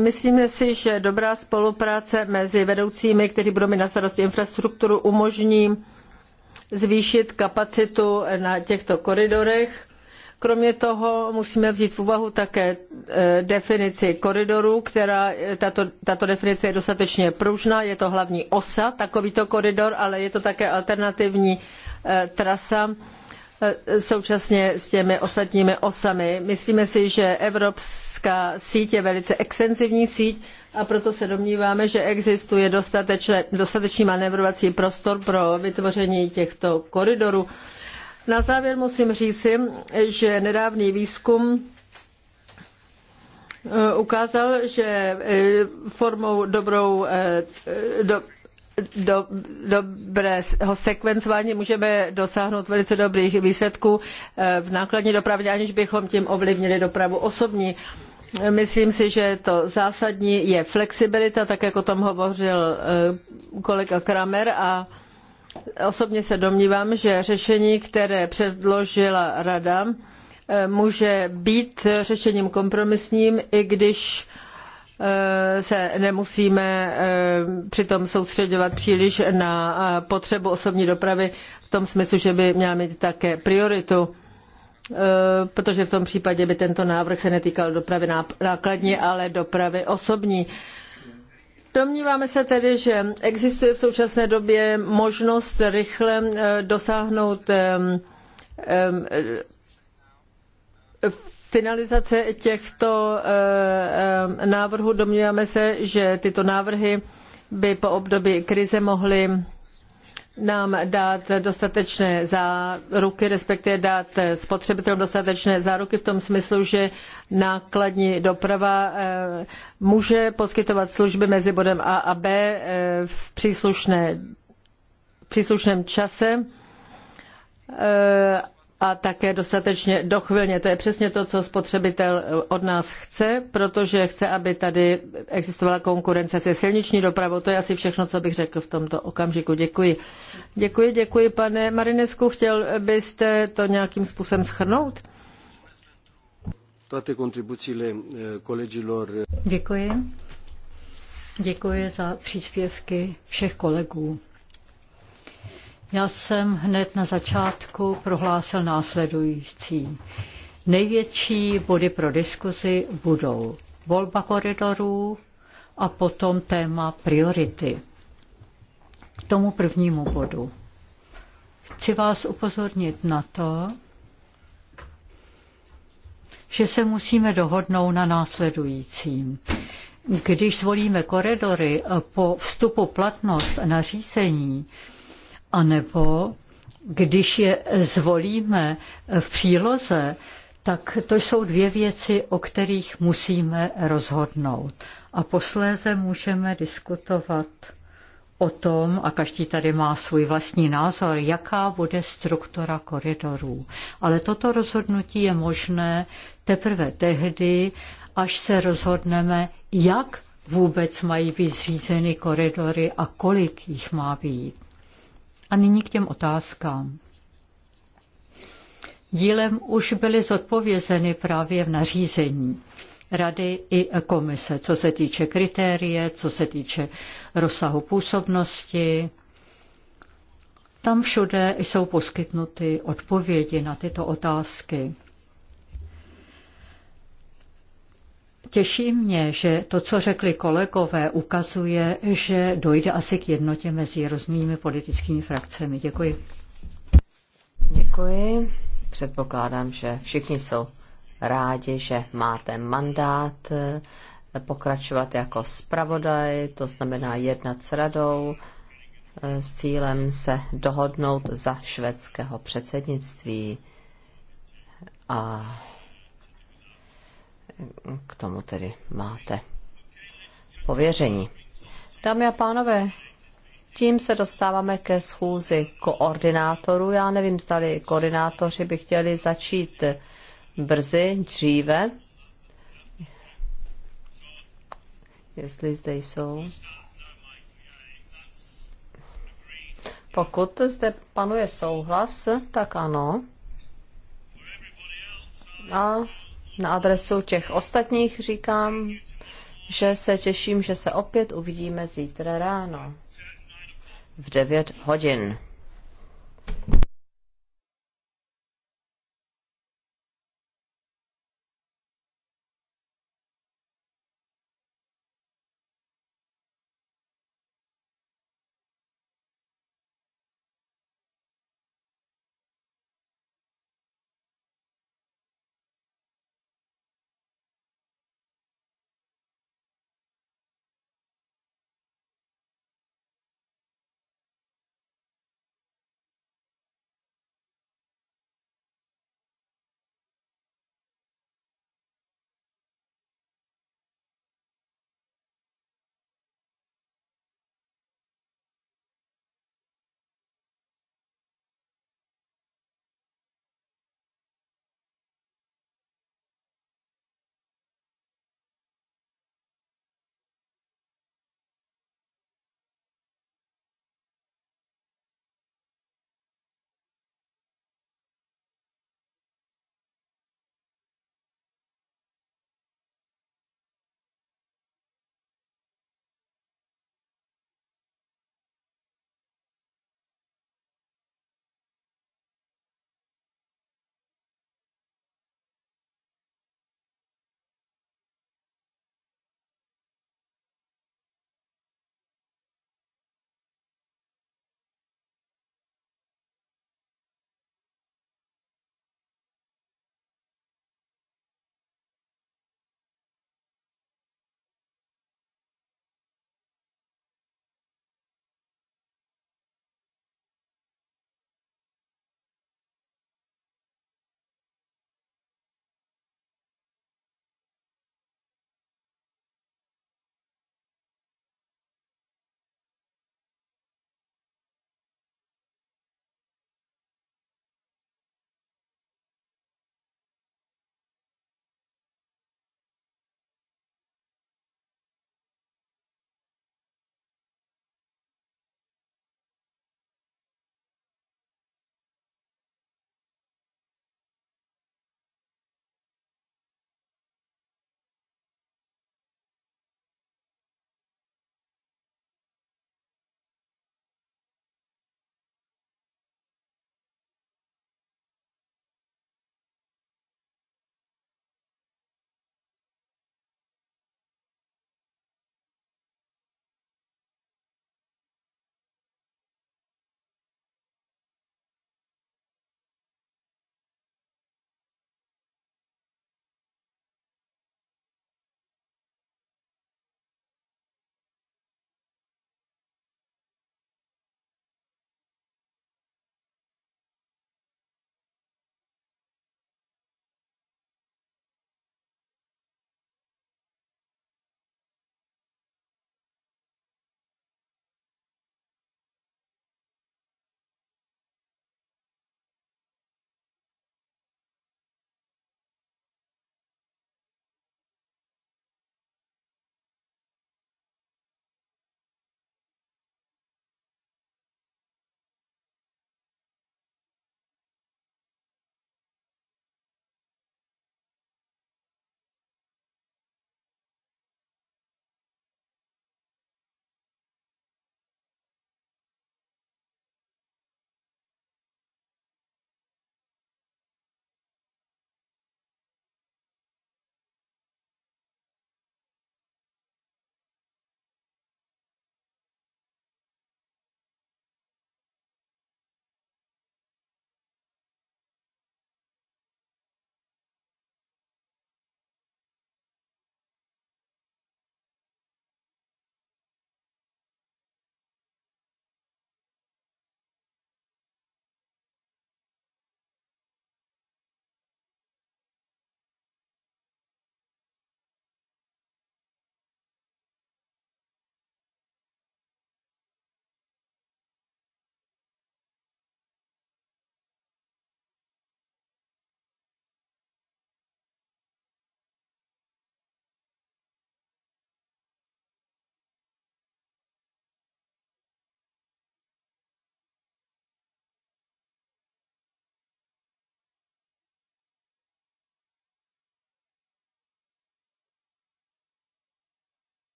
Myslíme si, že dobrá spolupráce mezi vedoucími, kteří budou mít na starosti infrastrukturu, umožní zvýšit kapacitu na těchto koridorech Kromě toho musíme vzít v úvahu také eh, definici koridoru, která eh, tato, tato definice je dostatečně pružná, je to hlavní osa, takovýto koridor, ale je to také alternativní eh, trasa současně s těmi ostatními osami. Myslíme si, že evropská síť je velice extenzivní síť a proto se domníváme, že existuje dostatečný manévrovací prostor pro vytvoření těchto koridorů. Na závěr musím říci, že nedávný výzkum eh, ukázal, že eh, formou dobrou, eh, do, do, dobrého sekvencování můžeme dosáhnout velice dobrých výsledků v nákladní dopravě, aniž bychom tím ovlivnili dopravu osobní. Myslím si, že to zásadní je flexibilita, tak jako o tom hovořil kolega Kramer a Osobně se domnívám, že řešení, které předložila Rada, eh, může být řešením kompromisním, i když eh, se nemusíme eh, přitom soustředovat příliš na potřebu osobní dopravy v tom smyslu, že by měla mít také prioritu, protože v tom případě by tento návrh se netýkal dopravy nákladní, ale dopravy osobní. Domníváme se tedy, že existuje v současné době možnost rychle eh, dosáhnout finalizace těchto eh, návrhů. Domníváme se, že tyto návrhy by po období krize mohly nám dát dostatečné záruky, respektive dát spotřebitelům dostatečné záruky v tom smyslu, že nákladní doprava eh, může poskytovat služby mezi bodem A a B eh, v příslušné, příslušném čase eh, a také dostatečně dochvilně. To je přesně to, co spotřebitel od nás chce, protože chce, aby tady existovala konkurence se silniční dopravou. To je asi všechno, co bych řekl v tomto okamžiku. Děkuji. Děkuji, děkuji, pane Marinesku. Chtěl byste to nějakým způsobem schrnout? Eh, děkuji. Děkuji za příspěvky všech kolegů. Já jsem hned na začátku prohlásil následující. Největší body pro diskuzi budou volba koridorů a potom téma priority. K tomu prvnímu bodu. Chci vás upozornit na to, že se musíme dohodnout na následujícím. Když zvolíme koridory po vstupu platnost nařízení, anebo když je zvolíme v příloze, tak to jsou dvě věci, o kterých musíme rozhodnout. A posléze můžeme diskutovat o tom, a každý tady má svůj vlastní názor, jaká bude struktura koridorů. Ale toto rozhodnutí je možné teprve tehdy, až se rozhodneme, jak vůbec mají být zřízeny koridory a kolik jich má být. A nyní k těm otázkám. Dílem už byly zodpovězeny právě v nařízení rady i komise, co se týče kritérie, co se týče rozsahu působnosti. Tam všude jsou poskytnuty odpovědi na tyto otázky. Těší mě, že to, co řekli kolegové, ukazuje, že dojde asi k jednotě mezi různými politickými frakcemi. Děkuji. Děkuji. Předpokládám, že všichni jsou rádi, že máte mandát eh, pokračovat jako zpravodaj, to znamená jednat s radou eh, s cílem se dohodnout za švédského předsednictví. A k tomu tedy máte pověření. Dámy a pánové, tím se dostáváme ke schůzi koordinátorů. Já nevím, zdali koordinátoři by chtěli začít brzy, dříve. Jestli zde jsou. Pokud zde panuje souhlas, tak ano. A na adresu těch ostatních říkám, že se těším, že se opět uvidíme zítra ráno v 9 hodin.